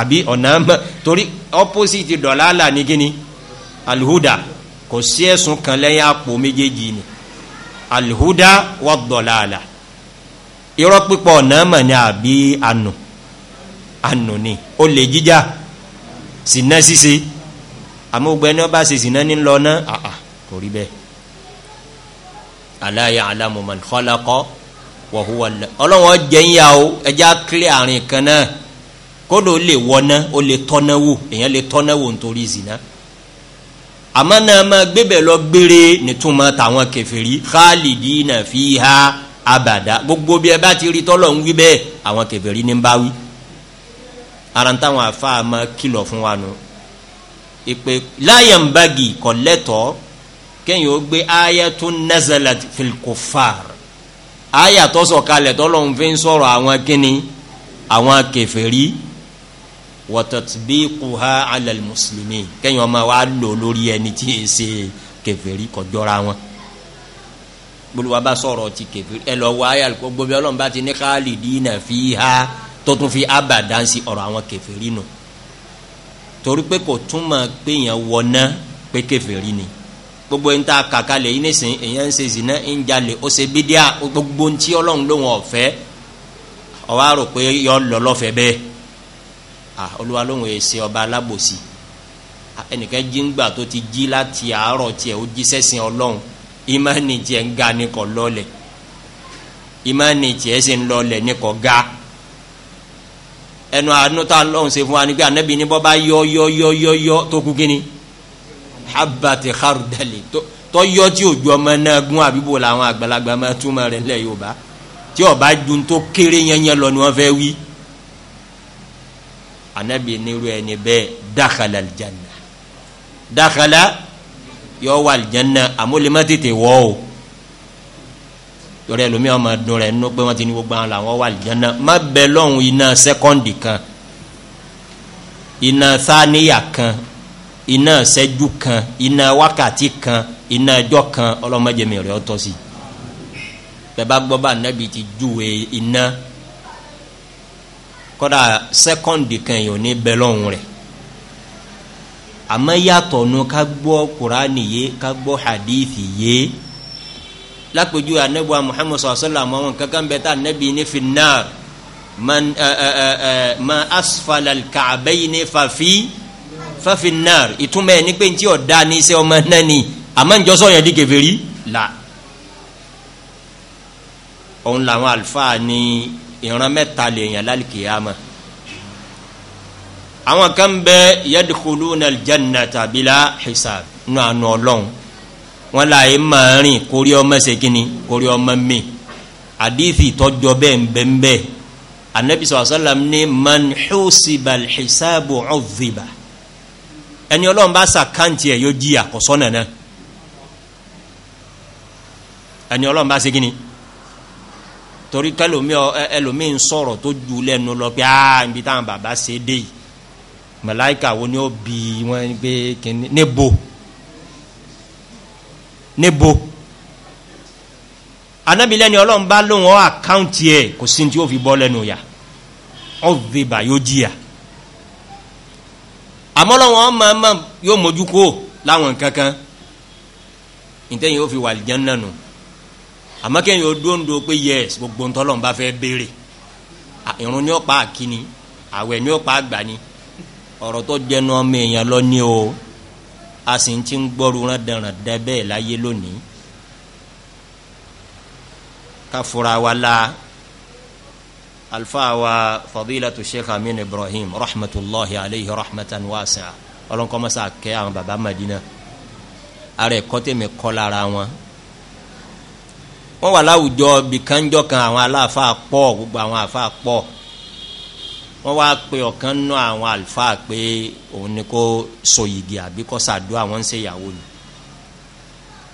àbí ọ̀nà mọ́ torí opposite dọ̀làlà ní kíni alhuda kò sí ẹ̀sùn kan lẹ́yìn àpò méjèèjì ni alhuda wà dọ̀làlà irọ́ pípọ̀ ọ̀nà mọ̀ ni àbí ànù ànù ni ó lè jíjà sìnà ṣíṣe àmọ́ gbẹ ní ọba ṣe sìnà ní lọ ná àà kò rí bẹ́ẹ̀ ala ya'lamu man khalaqa wa huwa ọlọ́wọ́n jẹ́ ń yà kan náà kódò ó lè wọná ó lè tọ́ná wò èèyàn lè tọ́ná wò nítorí zina àmọ́ náà máa gbébẹ̀ lọ gbére nítumọ̀ tàwọn kẹfẹ́rí khalidi náà fi ha abàdá gbogbo bí ẹ bá ti rí tọ́lọ̀ ń wí bẹ́ẹ̀ àwọn kẹfẹ́rí ní bá wí ara ń táwọn afa máa kìlọ̀ fún wa nù ìpè láyàmbági kọ̀lẹ́tọ̀ kẹ́yìn ó gbé ayatun nazalat fil kufar sọ̀kalẹ̀ tọ́lọ̀ ń fi sọ̀rọ̀ àwọn kíni àwọn kẹfẹ́rí wa tatbiquha ala al-muslimin kẹ́yìn ọmọ wa lò lórí ẹni tí yẹ ṣe kèfèrí kò jọra wọn gbólóba bá sọ̀rọ̀ ti kèfèrí ẹ lọ wọ ayé alùpùpù gbóbi ọlọ́run bá ti ní khalidina fiha tó tún fi abadansi ọ̀rọ̀ àwọn kèfèrí nù torí pé kò túmọ̀ pé yẹn wọná pé kèfèrí ni gbogbo ń ta kàkà lè yín nísìnyí èyàn ń ṣe zina ń jalè ó ṣe bídíà gbogbo ń tí ọlọ́run lóhùn ọ̀fẹ́ ọ̀wá rò pé yọ lọ́lọ́fẹ́ bẹ́ẹ̀ olúwa lóun èsè ọba alábòsí ẹnìkan jí ń gbà tó ti jí láti àárọ̀ tiẹ̀ ó jí sẹ́sìn ọlọ́run ìmánì tiẹ̀ ń ga ní lọ́lẹ̀ ìmánì tiẹ̀ sì ń lọ́lẹ̀ ní ga ẹnu àánú tá lọ́hùn ṣe fún wa ni pé anabi ní bọ́ bá yọ yọ yọ yọ yọ tó kú kínní habati harudali tó yọ tí o ju ọmọ náà gún àbíbò làwọn àgbàlagbà máa túmọ̀ rẹ̀ lẹ́ yorùbá tí ọba dun tó kéré yẹn yẹn lọ ni wọ́n fẹ́ wí anabi niru ẹni bẹ́ẹ̀ dakhala aljanna dakhala yọ wà aljanna amúlẹ́mọ́ tètè wọ́ o yọrọ ẹlòmíà ọmọ ẹdun rẹ nínú pé wọn ti ní gbogbo àwọn làwọn wà aljanna má bẹ lọ́hùn iná sẹ́kọ́ndì kan iná sáníyà kan iná sẹ́jú kan iná wákàtí kan iná ẹjọ́ kan ọlọ́mọdé mi rẹ̀ ọ́ tọ́ sí bá gbọ́ bá anabi ti júwe iná kọ́dà sẹ́kọ́ǹdì kan yìí ò ní bẹ lọ́hùn rẹ̀ àmọ́ yàtọ̀ nu ká gbọ́ kuraani yé ká gbọ́ hadithi yé lápẹjù anabi wa muhammadu sallallahu alaihi wa sallam àwọn kankan bẹ tá anabi ní finna man ẹ ẹ ẹ ẹ ma asfalal kaabayi ní fafi fafi naar ìtumọ̀ ẹ̀ ní pé ntí ọ̀dà ní sẹ́ ọmọ náà ni àmọ́ njọ́sọ̀ yẹn di kẹfẹ́rí la òun làwọn àlùfáà ní ìran mẹ́ta lè yàn lálìkìyàmà àwọn kan bẹ yadkhuluna aljannata bila hisab nù ànú ọlọ́run wọn là yé máa rìn kórí ọmọ ṣèkínni kórí ọmọ mi àdìsí tọjọ bẹ́ẹ̀ bẹ́ẹ̀ anabi sallallahu alaihi wasallam ní man husiba alhisabu udhiba ẹni ọlọ́run bá sàkáǹtì ẹ̀ yóò jí àkọ́sọ́ nànà ẹni ọlọ́run bá ṣe torí kẹlòmí ẹlòmí ń sọ̀rọ̀ tó ju lẹ́nu lọ pé aa ibi táwọn bàbá ṣe dé yìí màláìka wo ni ó bi wọn pé kíni níbo níbo anabilẹ́ni ọlọ́run bá lóun ọ́ àkáǹtì ẹ̀ kò sí ní tí ó fi bọ́ lẹ́nu yà ọ́ fi bà yóò jìyà àmọ́ lọ́wọ́n ọ́ máa yóò mójú kó láwọn kankan ìtẹ́yìn ó fi wà lìjẹ́ náà nù. No àmọ́ kẹ́yìn odóńdó pé yes gbogbo ntọ́lọ́n bá fẹ́ béèrè irun ní ọ̀pá àkíní àwẹ̀ ní ọ̀pá àgbà ni ọ̀rọ̀ tó jẹnu ọmọ èèyàn lọ ní o a sì ti ń gbọ́rù rán dẹ̀ràn dẹ́ bẹ́ẹ̀ láyé lónìí ká fura wa la alfa wa fadilatu sheikh amin ibrahim rahmatulahi alayhi rahmatan wasi'a ọlọ́nkọ́ mọ́sá kẹ́ àwọn baba madina ara ẹ̀kọ́ kọ́ lára wọn wọ́n wà láwùjọ bìkánjọ́ kan àwọn aláàfáà pọ̀ gbogbo àwọn àfáà pọ̀ wọ́n wá pe ọ̀kan nú àwọn àlùfáà pé òun ni kò so yìgì àbí kò sàdúrà wọ́n ń ṣe ìyàwó ni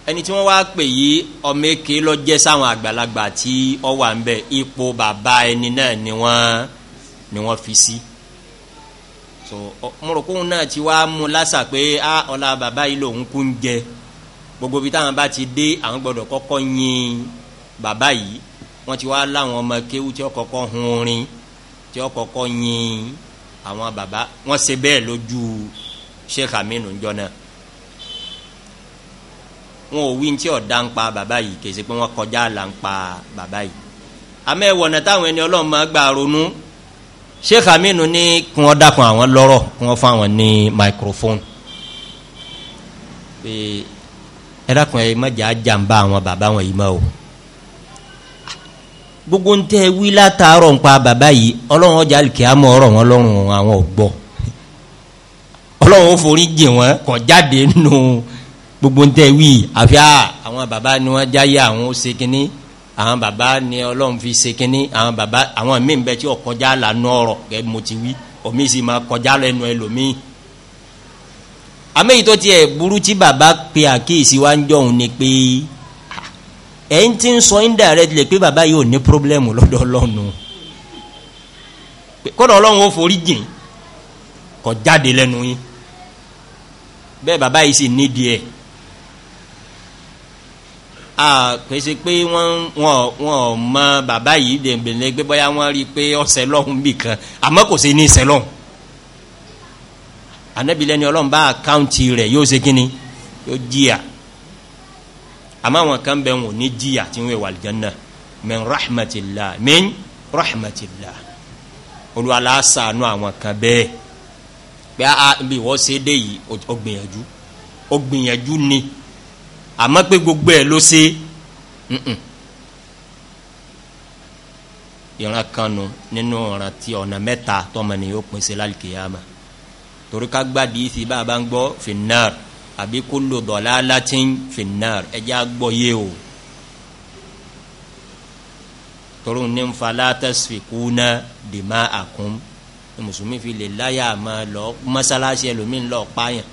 ẹni tí wọ́n wá pè yí ọmọ èké lọ́jẹ́ sáwọn àgbàlagbà tí ọ wà ń bẹ ipò bàbá ẹni náà ni wọ́n ni wọ́n fi sí so mọ̀rọ̀kùn náà ti wá mú lásà pé ah ọ̀la bàbá yìí lòun kú ń jẹ gbogbo bí táwọn bá ti dé àwọn gbọ́dọ̀ kọ́kọ́ yin bàbá yìí wọ́n ti wá láwọn ọmọ kéwú tí ó kọ́kọ́ hun orin tí ó kọ́kọ́ yin àwọn bàbá wọ́n ṣe bẹ́ẹ̀ lójú Sheikh Aminu njọ́ náà wọn ò wí tí ọ̀dà ń pa bàbá yìí kèsì pé wọ́n kọjá là ń pa bàbá yìí àmọ́ ẹ̀wọ̀nà táwọn ẹni ọlọ́run máa gbà ronú Sheikh Aminu ní kí wọ́n dákun àwọn lọ́rọ̀ kí wọ́n fún ní microphone pé ẹ̀dàkùn ẹ̀ mọ́jà jàǹbá àwọn bàbá wọn yìí mọ́ o gbogbo ń tẹ́ wí látàárọ̀ ń pa bàbá yìí ọlọ́run ọjà kìámọ̀ ọ̀rọ̀ wọn lọ́rùn àwọn ògbọ́ ọlọ́run ó forí jì wọ́n kọ̀ jáde nù gbogbo ń tẹ́ wí àfi àwọn bàbá ni wọ́n jáyé àwọn ó ṣe àwọn bàbá ni ọlọ́run fi ṣe kínní àwọn bàbá àwọn míì ń bẹ tí ọkọjá lànà ọ̀rọ̀ gẹ́gẹ́ mo ti wí omi sì máa kọjá lẹ́nu ẹlòmíì àmẹ́yì tó tiẹ̀ burú tí bàbá pe àkíyèsí wa ń jọ̀hún ni pé ẹ̀ ń ti ń sọ indirectly pé bàbá yìí ní problem lọ́dọ̀ ọlọ́run kọ́dọ̀ ọlọ́run ó forí jìn kọ́ jáde lẹ́nu yín bẹ́ẹ̀ bàbá yìí sì nídìí ẹ̀ pèsè pé wọ́n wọ́n wọ́n mọ bàbá yìí dèbèlè gbé bóyá wọ́n rí i pé ọ̀sẹ̀ lọ́hùn bìkan àmọ́ kò sí ní ìsẹ̀ anabilẹ ni ọlọ́run bá àkáǹtì rẹ̀ yóò ṣe kíni yóò jìyà àmọ́ àwọn kan bẹ̀ wọ́n ní jìyà tí wọ́n wà lìjánná min rahmatillah min rahmatillah olùwàlà sànú àwọn kan bẹ́ẹ̀ pé a bí wọ́n ṣe dé yìí ó gbìyànjú ó gbìyànjú ni àmọ́ pé gbogbo ẹ̀ ló ṣe ìran kanu nínú ọ̀ràn tí ọ̀nà mẹ́ta tọ́mọ ni yóò pín sí lálùkìyàmá torí ká gbádìí sí bá a bá ń gbọ́ finnar àbí kó lò dọ̀lá latin finnar ẹjẹ́ agbọ́yé o torí ní n fa látàsí kúnà dìmá àkún ní mùsùlùmí fi lè láyà máa lọ mọ́sálásí ẹlòmíín lọ pààyàn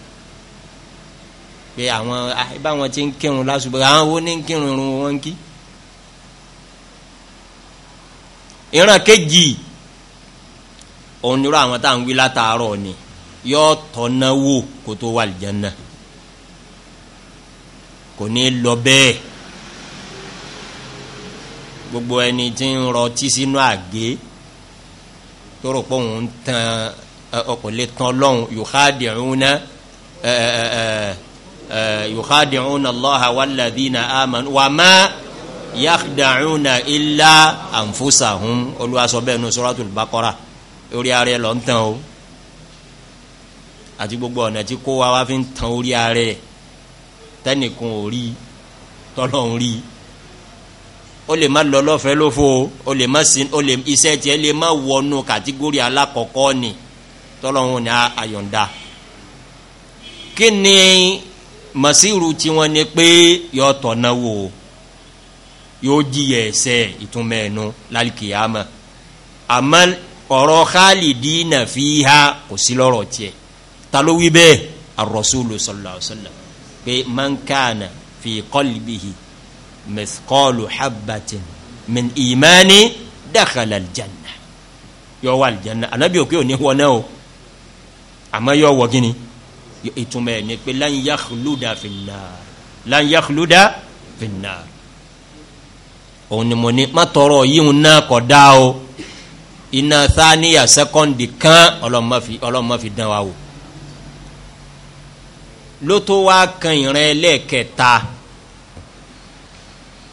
pé àwọn àìbáwọn ti ń kírun lásùbọ àwọn wo ní ń kírun irun ìran kejì òun nírú àwọn tá à ń wí látàárọ̀ ni yọ tọ̀nà wò kó tó wà lìjánná kò ní lọ bẹ́ẹ̀ gbogbo ẹni tí ń rọtí sínú àgé tó rò pé òun ń tan ọkọ̀ lè tan ọlọ́run yukhadi'una yukhadi'una Allaha walladhina amanu wa ma yakhda'una bẹ́ẹ̀ nu suratul Baqara orí ara ẹ lọ o àti gbogbo ọ̀nà tí kó wa wá fi ń tan orí ara ẹ̀ tẹ́nìkan ò rí tọ́lọ̀ ń rí o lè má lọ lọ́fẹ̀ẹ́ lófo o lè má sin o lè iṣẹ́ tiẹ̀ lè má wọnú kàtígórì alákọ̀ọ́kọ́ ni tọ́lọ̀ ń ní àyọ̀ǹda kí ni màsíìrù tiwọn ni pé yọ tọ̀nà wò yóò jìyà ẹ̀ṣẹ̀ ìtumọ̀ ẹ̀nu lálùkìyàmà àmọ́ ọ̀rọ̀ khalidina fiha kò sí lọ́rọ̀ tiẹ̀ talo wi bẹ́ẹ̀ arosulu sallallahu alaihi wa sallam pé man kana fi qalbihi mithqalu habbatin min imani dakhala aljanna yọ wọ aljanna anabi òkè òní wọ náà o àmọ́ yọ wọ gini ìtumọ̀ ẹ̀ ni pé lan yakhluda finnar lan yakhluda finnar òun ni mo ní má tọrọ yíhun náà kọ dá o iná sáníyà sẹ́kọ́ndì kan ọlọ́mọ fi dán wa o ló tó wá kan ìran ẹlẹ́ẹ̀kẹta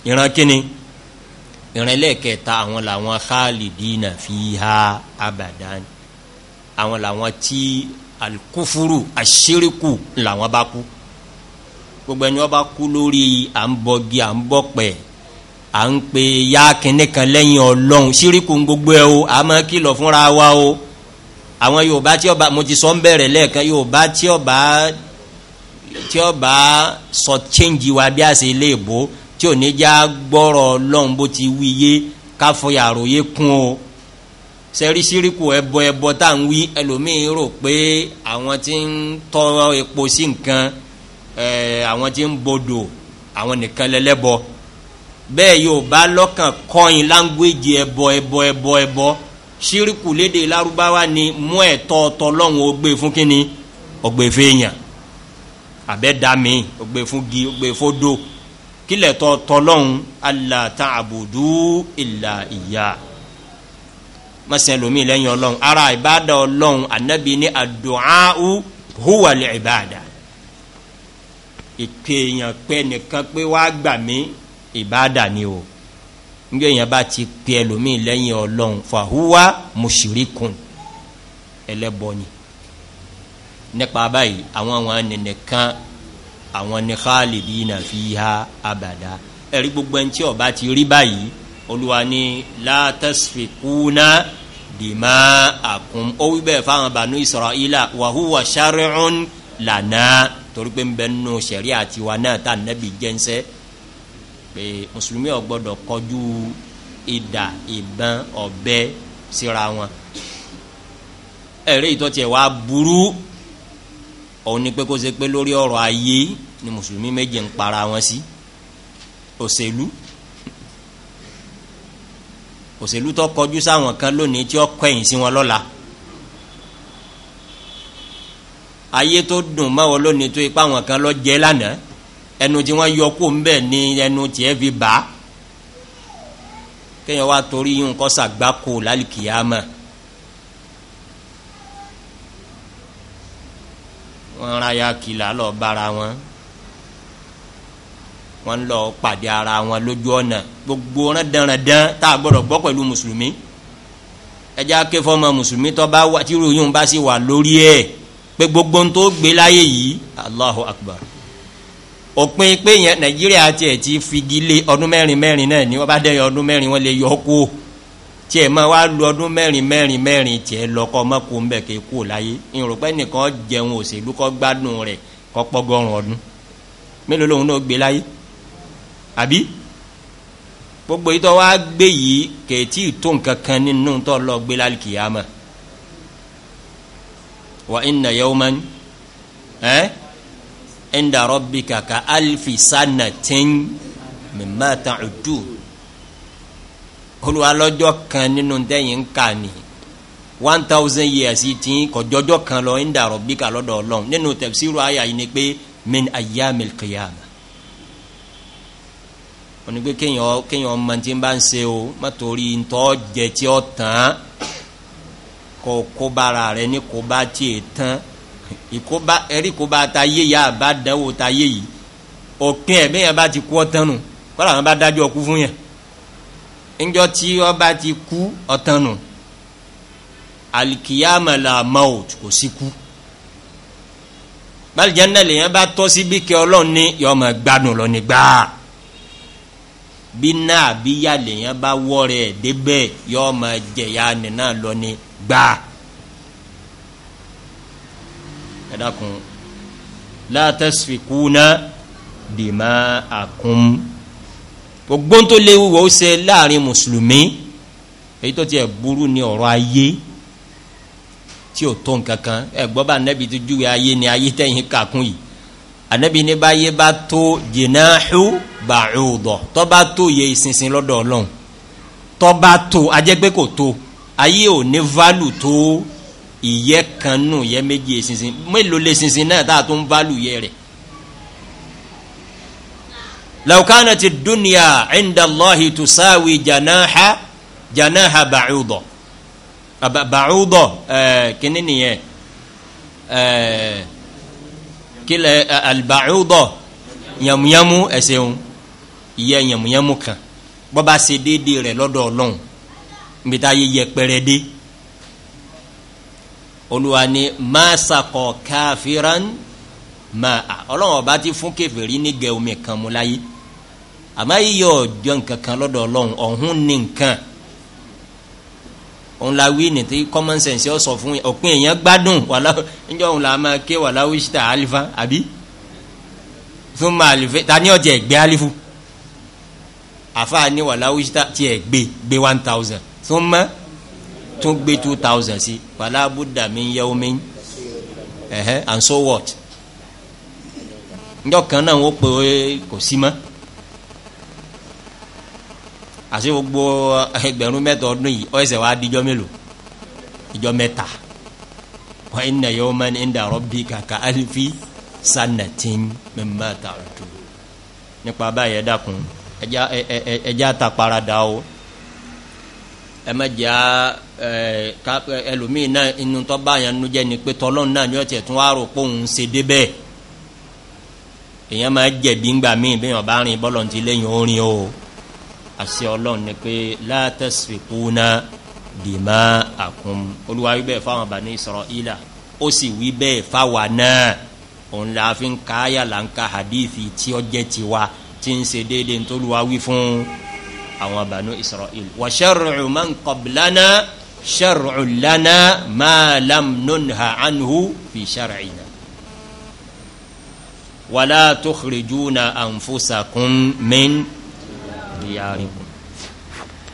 ìran kíni ìran ẹlẹ́ẹ̀kẹta àwọn làwọn khalidina fiha abadan àwọn làwọn tí alikufuru aṣiriku làwọn bá kú gbogbo ẹni wọn bá kú lórí à ń bọgi à ń bọpẹ à ń pe ya kínní kan lẹ́yìn ọlọ́run ṣíríkù gbogbo ẹ o àmọ́ kìlọ̀ fúnra wa o àwọn yorùbá tí ọba mo ti sọ ń bẹ̀rẹ̀ lẹ́ẹ̀kan yorùbá tí ọba tí ó bá sọ chẹ́ǹgì wa bí a ṣe lè bó tí ò ní já gbọ́rọ̀ ọlọ́run bó ti wí yé káfọyà àròyé kún o sẹ́rí síríkù ẹbọ ẹbọ tá à ń wí ẹlòmíín rò pé àwọn tí ń tọrọ epo sí nǹkan eh, àwọn tí ń bodò àwọn nìkan lẹ́lẹ́bọ bẹ́ẹ̀ yóò bá lọ́kàn kọ́yìn láńgbéjì ẹbọ ẹbọ ẹbọ ẹbọ síríkù lédè lárúbáwá ni mú ẹ̀tọ́ ọ̀tọ̀ ọlọ́run ó gbé fún kínní ọ̀gbẹ̀fẹ́ yàn àbẹ́dàmí ó gbé fún gi ó gbé fódò kílẹ̀ tọ́ tọ́lọ́hún alla ta'budu illa iya mọ̀sẹ̀ lomi lẹ́yìn ọlọ́run ara ìbáda ọlọ́run anabi ní adu'a'u huwa al-ibada ìpè èèyàn pé nìkan pé wá gbà mí ìbáda ni o nígbà èèyàn bá ti pè ẹlòmíì lẹ́yìn ọlọ́run fa huwa mushrikun ẹlẹ́bọ ni nípa báyìí àwọn àwọn nìkan àwọn ni khalidina fiha abada ẹ̀rí gbogbo ẹni tí ọba ti rí báyìí olúwa ni látàsífìkúnà dìmá àkùn ó wí bẹ́ẹ̀ fáwọn bànú israila wàhùwà shar'un lànà torí pé ń bẹ nù sẹ̀rí àtiwá náà tá nẹ́bí jẹ́nsẹ́ pé mùsùlùmí ò kọjú ìdà ìbọn ọ̀bẹ síra wọn ẹ̀rí ìtọ́tí ẹ̀ wá burú òun ni pé kó ṣe pé lórí ọ̀rọ̀ ayé ni mùsùlùmí méje ń para wọn sí òṣèlú òṣèlú tó kọjú sáwọn kan lónìí tí ó kọ̀yìn sí wọn lọ́la ayé tó dùn mọ́ wọn lónìí tó ipá wọn kan lọ jẹ lánàá ẹnu tí wọ́n yọ kó ń bẹ̀ ní ẹnu tiẹ̀ fi bàá kéèyàn wá torí yín kọ́ sàgbákò lálìkìyàmọ́. wọn ra ya kìlà lọ bára wọn wọn lọ pàdé ara wọn lójú ọ̀nà gbogbo wọn dánradán tá a gbọdọ̀ gbọ́ pẹ̀lú mùsùlùmí ẹjẹ́ ake fọmọ mùsùlùmí tó bá wà tí ròyìn bá sì wà lórí ẹ̀ pé gbogbo tó gbé láyé yìí Allahu Akbar òpin pé yẹn Nàìjíríà tiẹ̀ ti figi lé ọdún mẹ́rin mẹ́rin náà ni wọ́n bá dẹ́yẹ ọdún mẹ́rin wọ́n lè yọ ọ́ tí ẹ ma wá lu ọdún mẹ́rin mẹ́rin mẹ́rin tí ẹ lọ́kọ́ mọ́kò ń bẹ̀ kéku láyé ìrùpẹ́ nìkan jẹun òṣèlú kọ́ gbádùn rẹ̀ kọ́ pọ́gọ́rùn ọdún mélòó lòun náà gbé láyé àbí gbogbo yìí tó wá gbé yìí kèétí tó nǹkan nínú tó lọ gbé lálùkì yá mọ́ wa inna yawman ẹ́ inda rabbika ka alfi sanatin mimma ta'udun olùwà lọ́jọ́ kan nínú tẹ́yìn ń kà ní one thousand years ti kọjọ́jọ́ kan lọ ń dàrọ̀ bí kà lọ́dọ̀ ọlọ́run nínú tafsiru àyà yìí ni pé min ayyamil qiyama òní pé kéèyàn kéèyàn ọmọ tí ń bá ń ṣe o má torí ntọ́ jẹ tí ó tán kó kóbára rẹ ní kóbá tí è tán ìkóbá ẹ̀rí kóbá ta yé ya àbá dánwò ta yé yìí òpin ẹ̀ bẹ́ẹ̀ yẹn bá ti kú ọ́ tán nù kọ́lá wọn bá dájọ́ kú fún yẹn njọ tí ọba ti kú ọtán alikiyama la maut kò sí kú balijanna lèyàn bá tọ́ sí bí kẹ ọlọ́run ní yọmọ gbádùn lọ ní gbáà bí náà bí yá lèyàn bá wọ́ọ̀rẹ́ débẹ̀ yọmọ jẹ̀yà nínà lọ ní gbáà ẹ dákun látàsífikúnà gbogbo tó léwu wọ́n ṣe láàrin mùsùlùmí èyí tó tiẹ̀ e burú ni ọ̀rọ̀ ayé tí o tó nǹkan e kan ẹ gbọ́ bá anabi tó júwe ayé ni ayé tẹ̀yìn kàkún yìí anabi ní bá yé bá tó jìnnáhù bàcúdọ̀ tó bá tó yẹ ìsinsin lọ́dọ̀ ọlọ́run tó bá tó ajẹ́ pé kò tó ayé ò ní válù tó ìyẹ́ kan nù yẹ méjì ìsinsin mélòó lè sinsin náà tá a tó ń válù yẹ rẹ̀ law kanat ad-dunya 'inda Allahi tusawi janaha janaha ba'udah ba'udah ẹ̀ kíní nìyẹn ẹ̀ kílẹ̀ al-ba'udah yàmùyàmù ẹ̀sẹ̀hún ìyẹ́ yàmùyàmù kan bọ́ bá ṣe déédéé rẹ̀ lọ́dọ̀ ọlọ́run níbi tá a yẹ yẹpẹrẹ dé olùwà ni ma saqa kafiran máa ọlọ́run ọba ti fún kèfèrí ní gẹ omi kan mu láyé àmọ́ yíyọ ọjọ́ nǹkan kan lọ́dọ̀ ọlọ́run ọ̀hún ní nǹkan òun la wí ní ti common sense ọ sọ fún yẹn òpin èèyàn gbádùn wàlá níjọ òun la máa ké wàlá wíṣítà àlìfá àbí fún ma àlìfẹ ta ni ọjà ẹgbẹ àlìfù àfa ni wàlá wíṣítà tiẹ gbé gbé one thousand fún mọ tún gbé two thousand sí wàlá buddha mi yẹ omi ẹhẹ and so what njọ́ kan náà wọ́n pe kò sí mọ́ àti gbogbo ẹgbẹ̀rún mẹ́ta ọdún yìí ọ̀ ẹsẹ̀ wa dijọ́ mélòó ìjọ mẹ́ta wa inna yawman inda rabbika ka alifi sanatin mimma ta'udu nípa báyẹn dákun ẹjẹ àtàparadà o ẹ má jẹ́ ẹlòmíì náà inú tó báyẹn nu jẹ́ ni pé tọ́lọ́n náà ni ó tún wá rò pé òun ṣe débẹ̀ èyàn máa jẹ̀bi ńgbà míì bẹ́yàn bá rìn bọ́lọ̀ ti lẹ́yìn orin o àṣẹ ọlọ́run ni pé látẹ̀sìkúná dìmá àkún olúwa wí bẹ́ẹ̀ fáwọn bàní Ísírẹ́lì ó sì wí bẹ́ẹ̀ fáwa náà òun là fi ń ka àyà là ń ka hadithi tí ó jẹ́ tiwa tí ń ṣe déédéé ntòlúwa wí fún àwọn bàní Ísírẹ́lì wa shar'u man qablana shar'u lana ma lam nunha anhu fi shar'ina wàlá tukhrijuna anfusakum min diyarikum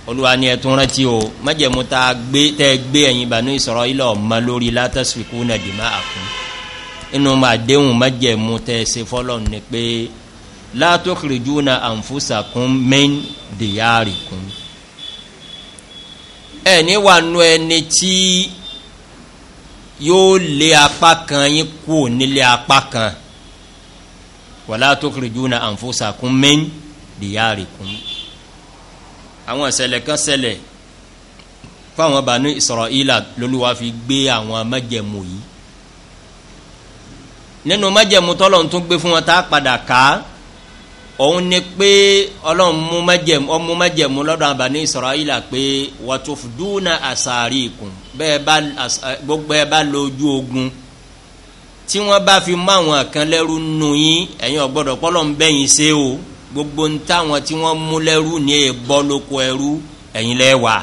olúwa ni ẹ tún rántí o májẹ̀mú tá a gbé tẹ́ ẹ gbé ẹ̀yin Banu Israil ọ̀ma lórí la tasfikuna dima'akum inú màdéhùn májẹ̀mú tẹ́ ẹ ṣe fọ́lọ́ ni pé la tukhrijuna anfusakum min diyarikum ẹ ní wà nù ẹni tí yóò lé apá kan yín kú nílé apá kan wala tukhrijuna anfusakum min diyarikum. àwọn ìṣẹ̀lẹ̀ kan ṣẹlẹ̀ fáwọn Banu Israila lÓlúwa fi gbé àwọn májẹ̀mú yìí nínú májẹ̀mú tọ́lọ́run tún gbé fún wọn tá a padà ká òun ni pé ọlọ́run mú májẹ̀mú ọmú májẹ̀mú lọ́dọ̀ àwọn Banu Israila pé watufduna asarikum bẹ́ẹ̀ bá gbogbo ẹ bá lójú ogun tí wọ́n bá fi mú àwọn kan lẹ́rú nù yín ẹ̀yin ọ̀gbọ́dọ̀ pọ́lọ́ ń bẹ́yìn ṣe o gbogbo ń táwọn tí wọ́n mú lẹ́rú ní ẹ̀bọ lóko ẹrú ẹ̀yin lẹ́wà.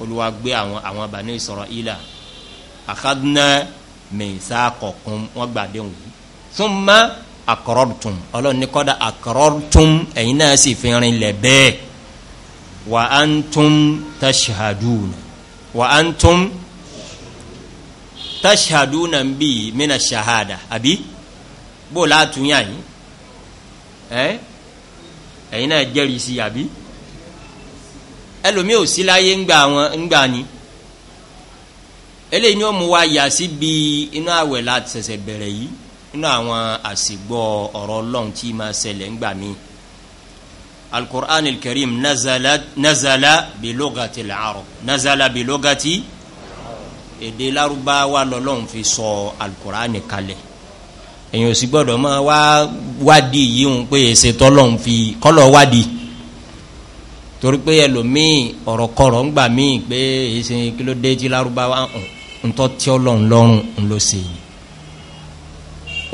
olùwà gbé àwọn àwọn Bani Israila akhadna mithaqakum wọ́n gbà déhùn yìí thumma aqrartum ọlọ́run ní kọ́dà aqrartum ẹ̀yin náà sì fi rin lẹ̀ bẹ́ẹ̀ wa antum tashhadun wa antum tashhadun tashhaduna bi mina shahada àbí bó o la tún yà yín ẹ ẹyin náà jẹ́rìí sí àbí ẹlòmíì ò sí láyé ńgbà wọn ńgbà ni eléyìí ni ó mú wa yà sí bi inú àwẹ̀ la ṣẹ̀ṣẹ̀ bẹ̀rẹ̀ yìí inú àwọn àsìgbọ́ ọ̀rọ̀ ọlọ́run tí máa ṣẹlẹ̀ ńgbà mi alukur'an karim nazala nazala bilogati al-arab nazala bilogati. Al èdè Lárúbáwá lọ́lọ́run fi sọ alukurani kalẹ̀ èyàn sì gbọ́dọ̀ máa wá wádìí yìí ń pé èsè tọ́lọ́run fi kọ́lọ̀ wádìí torí pé ẹlòmíì ọ̀rọ̀ kọ̀rọ̀ ń gbà míì pé èsè kílódé tí Lárúbáwá ń tọ́ tí ọlọ́run lọ́rùn ń lọ sí i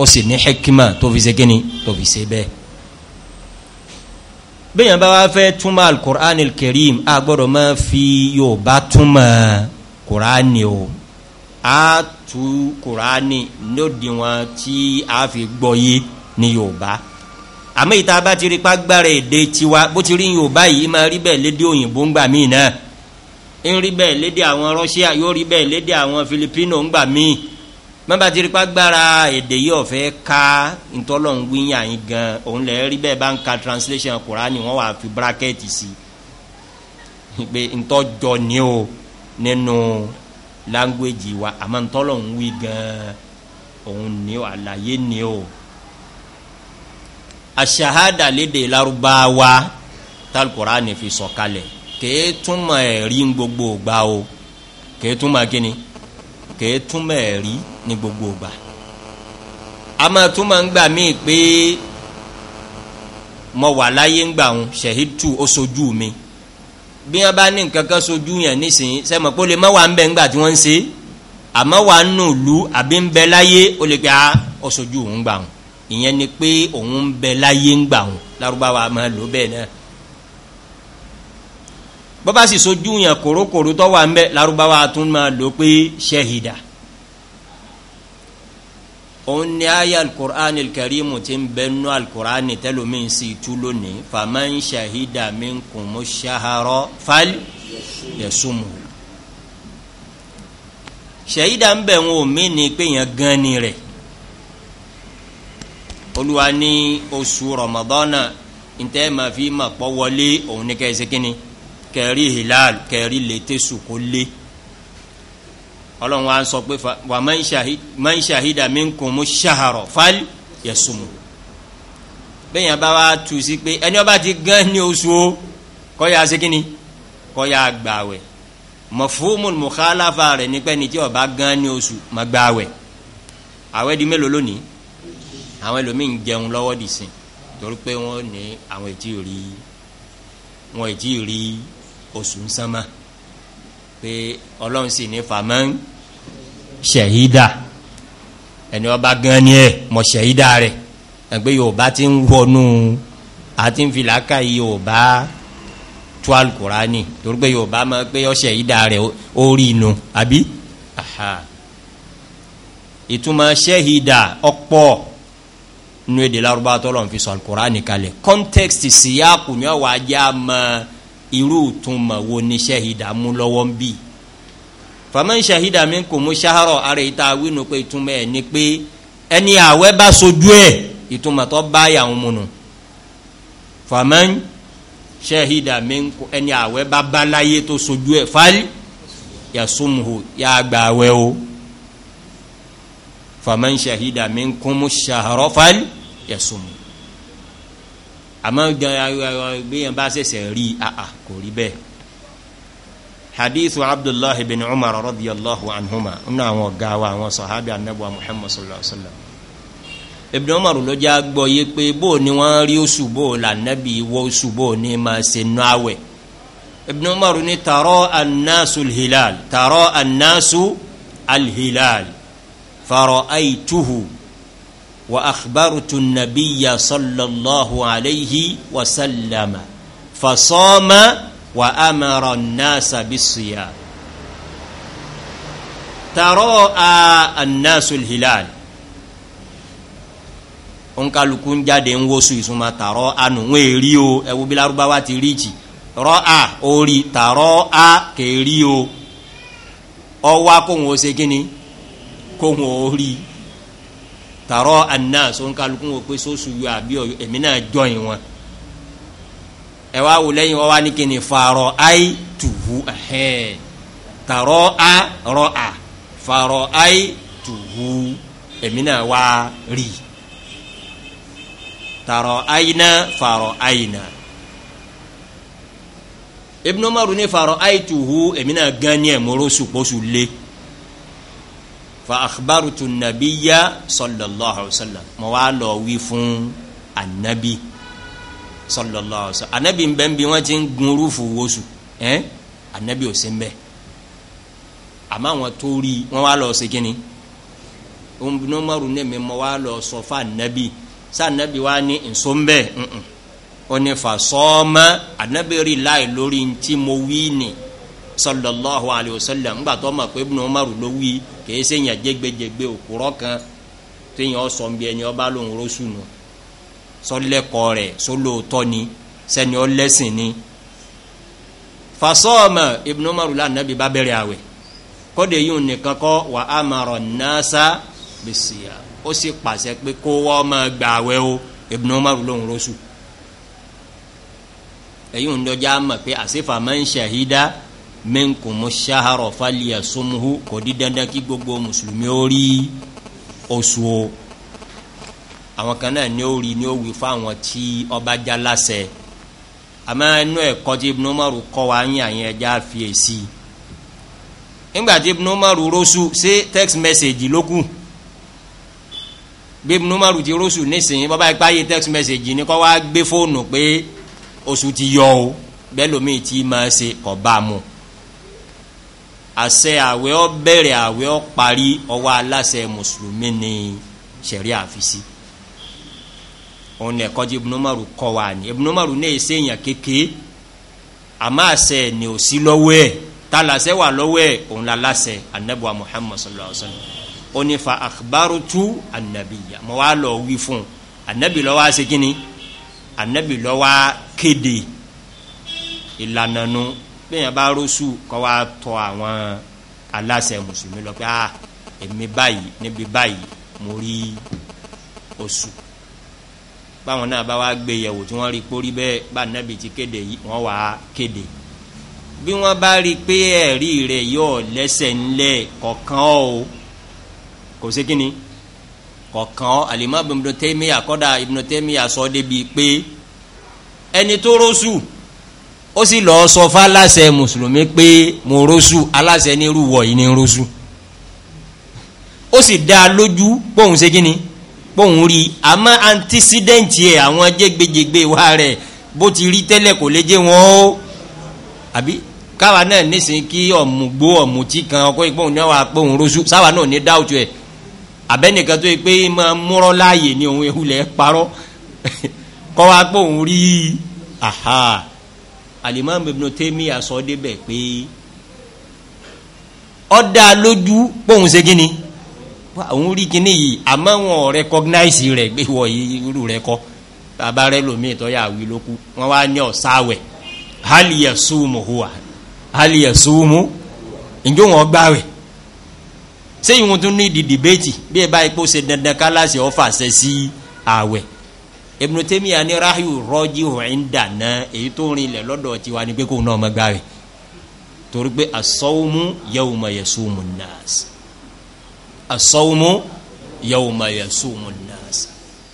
ó sì ní hekima tó fi ṣe kíni tó fi ṣe bẹ́ẹ̀ bẹ́ẹ̀ yẹn bá wá fẹ́ túmọ̀ alukurani kẹrim a máa fi Yorùbá túmọ̀. Kurani o a tú kùránì lódiwọ̀n tí a fi gbọ́ yé ní yorùbá àmọ́ ìta bá ti rí pàgbára èdè tiwa bó ti rí yorùbá yìí máa rí bẹ́ẹ̀ lédè òyìnbó ńgbà míì náà ń rí bẹ́ẹ̀ lédè àwọn russia yóò rí bẹ́ẹ̀ lédè àwọn filipino ńgbà míì má bá ti rí pàgbára èdè yìí ọ̀fẹ́ ká ntọ́lọ́hún wíyà yín gan òun lẹ̀ rí bẹ́ẹ̀ bá ń ka translation kurani wọ́n wà fi bírákẹ́ẹ̀tì sí pé ntọ́jọ ni o. Si nínú language wa àmọ́ ntọ́lọ̀ ń wí gan-an òun ní àlàyé ní o asahada lédè Lárúbáwá talukora ní fi sọ̀kalẹ̀ kèé túmọ̀ ẹ̀rí gbogbo gbà o kèé túmọ̀ kíni kèé túmọ̀ ẹ̀rí ní gbogbo gbà àmọ́ túmọ̀ ń gbà míì pé mo wà láyé ń gbà ń mi bí wọn bá ní nǹkan kan sojú yàn nísìnyí sẹmọ pé ó lè má wà ń bẹ ńgbà tí wọn ń ṣe àmọ́ wà ń nù lù àbí ń bẹ láyé ó lè gbà ah, ó sojú òun gbà wọn ìyẹn ni pé òun ń bẹ láyé ń gbà wọn lárúbáwá máa lò bẹ́ẹ̀ náà bọ́bá sì sojú yàn kòrókòró tó wà ń bẹ lárúbáwá tún máa lò pé ṣẹ́hìdà òun ni aya alukur'an karimu ti ń bẹ nú alukur'an tẹlomi sí tu lónìí faman shahida minkum shahara fal yasumu shahida ń bẹ̀ wọn ò mí ni pé yẹn gan ni rẹ̀ olúwa ní oṣù rọmọdọ́nà ntẹ́ ma fi ma pọ̀ wọlé òun ni kẹ́ ẹ ṣe hilal kẹ́rì lè tẹ̀sùn ọlọ́run wa sọ pé wà máa ń ṣàhídà mí kò mú ṣàhàrọ̀ fáìlì yẹ̀sùmù bẹ́ẹ̀ yẹn bá wa tù sí pé ẹni ọba ti gán ní oṣù o kọ́ ya ṣe kínni kọ́ ya gbàwẹ̀ mọ̀fóòmùn mùkálàfà rẹ̀ ní pẹ́ni tí ọba gán ní oṣù mọ̀ gbàwẹ̀ àwẹ̀ di mélòó lónìí àwọn ẹlòmíì ń jẹun lọ́wọ́ dì sí torí pé wọ́n ní àwọn ètí rí wọ́n ètí rí oṣù ń sánmà pé ọlọ́run sì ní fàmọ́ ń ṣẹ̀hídà ẹni ọba gan ni ẹ mọ̀ ṣẹ̀hídà rẹ̀ ẹgbẹ́ yorùbá ti ń wọnú àti ń fi làákà yorùbá tú alukurani torí pé yorùbá máa pé ọ ṣẹ̀hídà rẹ̀ ó rí inú àbí ìtumọ̀ ṣẹ̀hídà ọ̀pọ̀ nínú èdè lárúbá tọ́lọ̀ ń fi sọ alukurani kalẹ̀ kọ́ńtẹ́kìtì síyáàkù ni ọ̀wá mọ irú ìtumọ̀ wo ni ṣẹ̀hídà mú lọ́wọ́ ń bíi faman shahida minkumu shahara ara ita winu pé ìtumọ̀ ẹ̀ ni pé ẹni àwẹ̀ bá sojú ẹ̀ ìtumọ̀ tó bá yàwọn múnu faman shahida minkum ẹni àwẹ̀ ba bá láyé tó sojú ẹ̀ fali yasumuhu yà gbà àwẹ̀ o faman shahida minkumu shahara fali yasumuhu àmọ́ gbẹ̀yàn bá ṣẹ̀ṣẹ̀ rí a kò rí bẹ́ẹ̀ hadithu abdullahi bin umar radiyallahu anhuma nínú àwọn ọ̀gá wa àwọn sọ̀hábì anábọ̀ muhammad sallallahu alayhi wa sallam ibn umar ló jẹ́ agbọ́yé pé bó ni wọ́n rí oṣù bó lànàbí wọ́ oṣù bó ni máa ṣe nú àwẹ̀ ibn umar ní tààrọ́ anáṣu alhilal tààrọ́ anáṣu alhilal fàrọ̀ àìtúhù wa akhbarutu nabiya sallallahu alayhi wa sallama fasọ́ma wà á mẹ́rọ náà sàbí síyà tààrọ ànáṣul hilal onkaluku ń jáde ń wosu ìsúnmọ́ tààrọ àánú ń rí o ẹ̀wù bí larubawa ti rí jì rọ a orí tààrọ a kèrí o ọwọ́ akóhùn ó ṣe kíni kóhùn ó rí tààrọ ànáṣ onkaluku ń wò pé sóṣù yọ àbí ọ̀yọ́ èmi náà jọyìn wọn ẹ wá wò lẹ́yìn wọn wá ní kíni farọ ayi tuhu ẹ̀hẹ́ tàrọ a rọ a farọ ayi tuhu èmi náà wá rí tàrọ ayi náà farọ ayi náà ibnu maru ní farọ ayi tuhu èmi náà gán ní ẹ̀ mọ́rọ́ sùpọ̀sù lé fa akhbaru tu nabiya sallallahu alayhi wa sallam mo wá lọ wí fún anabi. An sallallahu sɔ anabi ń bẹ ń bi wọ́n ti anabi ò sí ń bẹ àmọ́ àwọn tó rí lọ ṣe kínní ọmọbìnrin ọmọrù sọ anabi sa anabi wa n'i fa sọ́ọ́mọ́ anabi rí láì mo ni sallallahu alayhi wa ma kan téèyàn sọ ń bí ẹni ọba sọlẹkọ rẹ sọlọtọ ni sẹni ọlẹsìn ni fasọọmọ ibùdó marula nàbí bá bẹrẹ àwẹ kọdẹ yìí nìkan kọ wà á mọrọ nàásà bẹsìyà ó sì pàṣẹ pé kó wọ́n máa gbà àwẹ o ibùdó marula ń rọṣù èyí ń dọjá mọ̀ pé àṣefà máa ń ṣàhídá mẹ́nkùnmọ́ ṣáhárọ̀ fálíyà sómuhu kò di dandan kí gbogbo mùsùlùmí ó rí oṣù o àwọn kan náà ní ó rí ní ó wí fáwọn tí ọba já láṣẹ àmọ́ inú ẹ̀kọ́ tí Ibn Umar kọ́ wa yín àyẹn ẹja fi èsì nígbà tí Ibn Umar rọ́ṣù ṣé text message ló kù bí Ibn Umar ti rọ́ṣù nísìnyí bọ́bá ipá yé text message ni kọ́ wá gbé fóònù pé oṣù ti yọ o bẹ́ẹ̀ lómi tí máa ṣe kọ́ bá a mú àṣẹ àwẹ̀ ọ bẹ̀rẹ̀ àwẹ̀ ọ parí ọwọ́ aláṣẹ mùsùlùmí ni ṣẹ̀rí àfi sí òun ní ẹ̀kọ́ tí Ibn Umar wa ni Ibn Umar ní èsè èèyàn kékeré àmọ́ àṣẹ ni ò sí lọ́wọ́ ẹ̀ tá wà lọ́wọ́ ẹ̀ òun la láṣẹ anabi wa sallallahu alaihi wa sallam ó ní fa akhbarutu anabiya mo wá lọ wí fún un anabi ló wá ṣe kíni anabi ló wá kéde ìlànà nu bẹ́ẹ̀ yẹn bá rọ́ṣù kọ́ wa àwọn aláṣẹ mùsùlùmí lọ pé ah èmi báyìí níbi báyìí mo rí oṣù báwọn náà bá wá gbé yẹ̀wò tí wọ́n rí pórí bẹ́ẹ̀ bá nábì ti kéde yìí wọ́n wá kéde bí wọ́n bá rí pé ẹ̀rí rẹ̀ yóò lẹ́sẹ̀ ńlẹ̀ kọ̀ọ̀kan o kò sí kínni kọ̀ọ̀kan àlìmọ́ ibùdó tẹ́mi àkọ́dà ibùdó tẹ́mi àsọ débi pé ẹni tó rọ́ṣù ó sì lọ́ọ́ sọ fún aláṣẹ mùsùlùmí pé mo rọ́ṣù aláṣẹ nírú wọ̀nyí ni rọ́ṣù ó sì dá a lójú pé òun ṣe kínni pòun rí àmọ́ antisidẹ́ǹtì ẹ̀ àwọn jẹ́gbẹ́jẹgbé wa rẹ̀ bó ti rí tẹ́lẹ̀ kò lè jẹ́ wọn o àbí káwa náà nísìnyí kí ọ̀mùgbó ọ̀mùtí kan ọkọ ìpòun náà wà pòun rọ́ṣù sáwa náà ní dáwùtù ẹ̀ àbẹ́nìkan tó yẹ pé mọ múrọ́ láàyè ni òun ehulẹ̀ parọ́ kọ́ wa pòun rí aha alimami ibn temi asọ́ débẹ̀ pé ọ̀dà lójú pòun ṣe kí ni àwọn orí kíní yìí àmọ́ wọn ò recognize rẹ̀ gbé wọ irú rẹ̀ kọ́ bàbá rẹ̀ lómi ìtọ́ yà wí lóku wọn wá ní ọ̀sáwẹ̀ hali yasumu huwa hali yasumu ǹjọ́ wọn gbáwẹ̀ sẹ́yìn wọn tún ní di dìbẹ́tì bí ẹ bá ipò ṣe dandan kálásì ọ̀fà ṣe sí àwẹ̀ Ibn Taymiyyah ní ráhìú rọ́jì òun dànà èyí tó rinlẹ̀ lọ́dọ̀ tiwa ni pé kóun náà mọ gbáwẹ̀ torí pé asọ́wọ́mú yawma yasumu nas asọ́wọ́mú yawma yasumu nas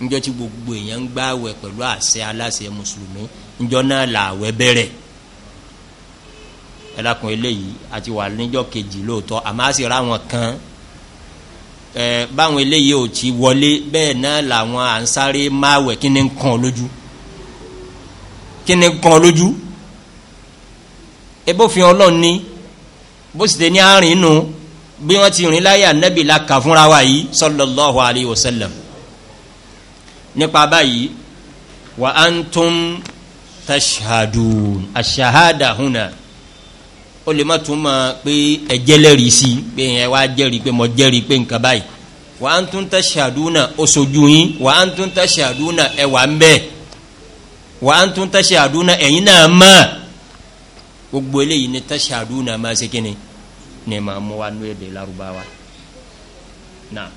njọ́ tí gbogbo èèyàn ń gbààwẹ̀ pẹ̀lú àṣẹ aláṣẹ mùsùlùmí njọ́ náà làwẹ̀ bẹ̀rẹ̀ ẹlẹ́kùn eléyìí àti wà níjọ́ kejì lóòótọ́ àmọ́ a sì ra wọn kan ẹ báwọn eléyìí ò ti wọlé bẹ́ẹ̀ náà làwọn à ń sáré máwẹ̀ kí ni ń kàn lójú kí ni ń kàn lójú ebófin ọlọ́ọ̀ni bó sì tẹ ní àárín nù. No bí wọ́n ti rìn láyà nẹ́bì la kà fúnra wa yìí sallallahu alayhi wa sallam nípa báyìí wa antum tashhadun ashahada huna ó lè má túmọ̀ pé ẹ jẹ́lẹ́rìí sí pé ẹ wá jẹ́rìí pé mo jẹ́rìí pé nǹkan báyìí wa antum tashhaduna ó sojú yín wa antum tashhaduna ẹ wà ń bẹ́ẹ̀ wa antum tashhaduna ẹ̀yin náà mọ̀ gbogbo eléyìí ni tashhaduna máa ṣe kí ni. nemaamuwan weede larubawa naam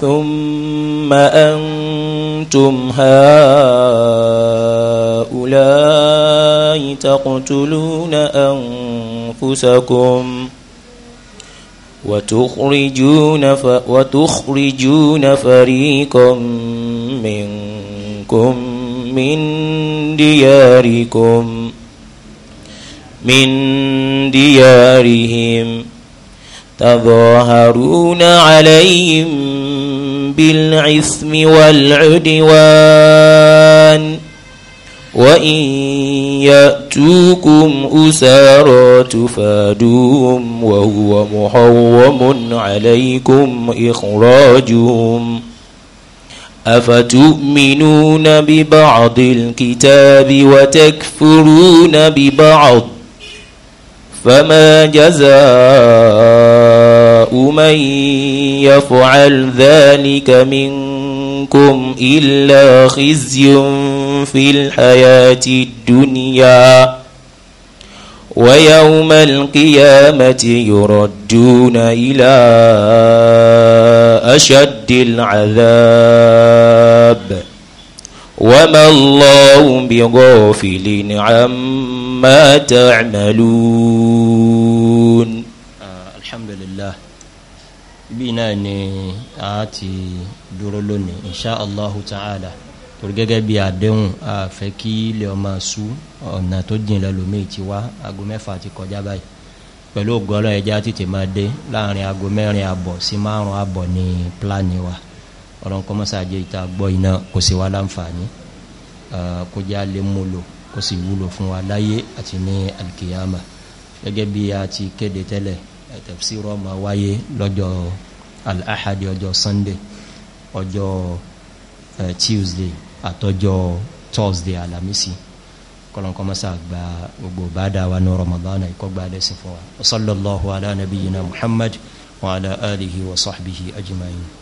ثم أنتم هؤلاء تقتلون أنفسكم وتخرجون ف... وتخرجون فريقا منكم من دياركم من ديارهم تظاهرون عليهم بالعثم والعدوان وإن يأتوكم أسارى تفادوهم وهو محرم عليكم إخراجهم أفتؤمنون ببعض الكتاب وتكفرون ببعض فما جزاء من يفعل ذلك منكم إلا خزي في الحياة الدنيا ويوم القيامة يردون إلى أشد العذاب وما الله بغافل عما تعملون الحمد لله bíná ni a ti dúró lónìí insha allahu ta'ala torí gẹ́gẹ́ bí àdéhùn a fẹ́ kí ilẹ̀ ọmọ sú ọ̀nà tó jìnlẹ̀ lómi ti wá aago mẹ́fà ti kọjá báyìí pẹ̀lú ògbọ́lọ́ ẹja títí máa dé láàrin aago mẹ́rin àbọ̀ sí márùn-ún àbọ̀ ní pílánì wa ọlọ́run kọ́ mọ́sáàjẹ́ ìta gbọ́ iná kò sí wa láǹfààní kó já lè mú lò kó sì wúlò fún wa láyé àti ní alkiyama gẹ́gẹ́ bí a ti kéde tẹ́lẹ̀ tafsiro máa wáyé lọ́jọ́ al ọjọ́ sunday ọjọ́ tuesday àtọjọ́ thursday alamisi kọlọ́n kọ́ mọ́sá gba gbogbo bàdà wa ní ramadan ikọ́ gba lẹ́sìn fún wa sallallahu ala nabiyina muhammad wa ala alihi wa sahbihi ajma'in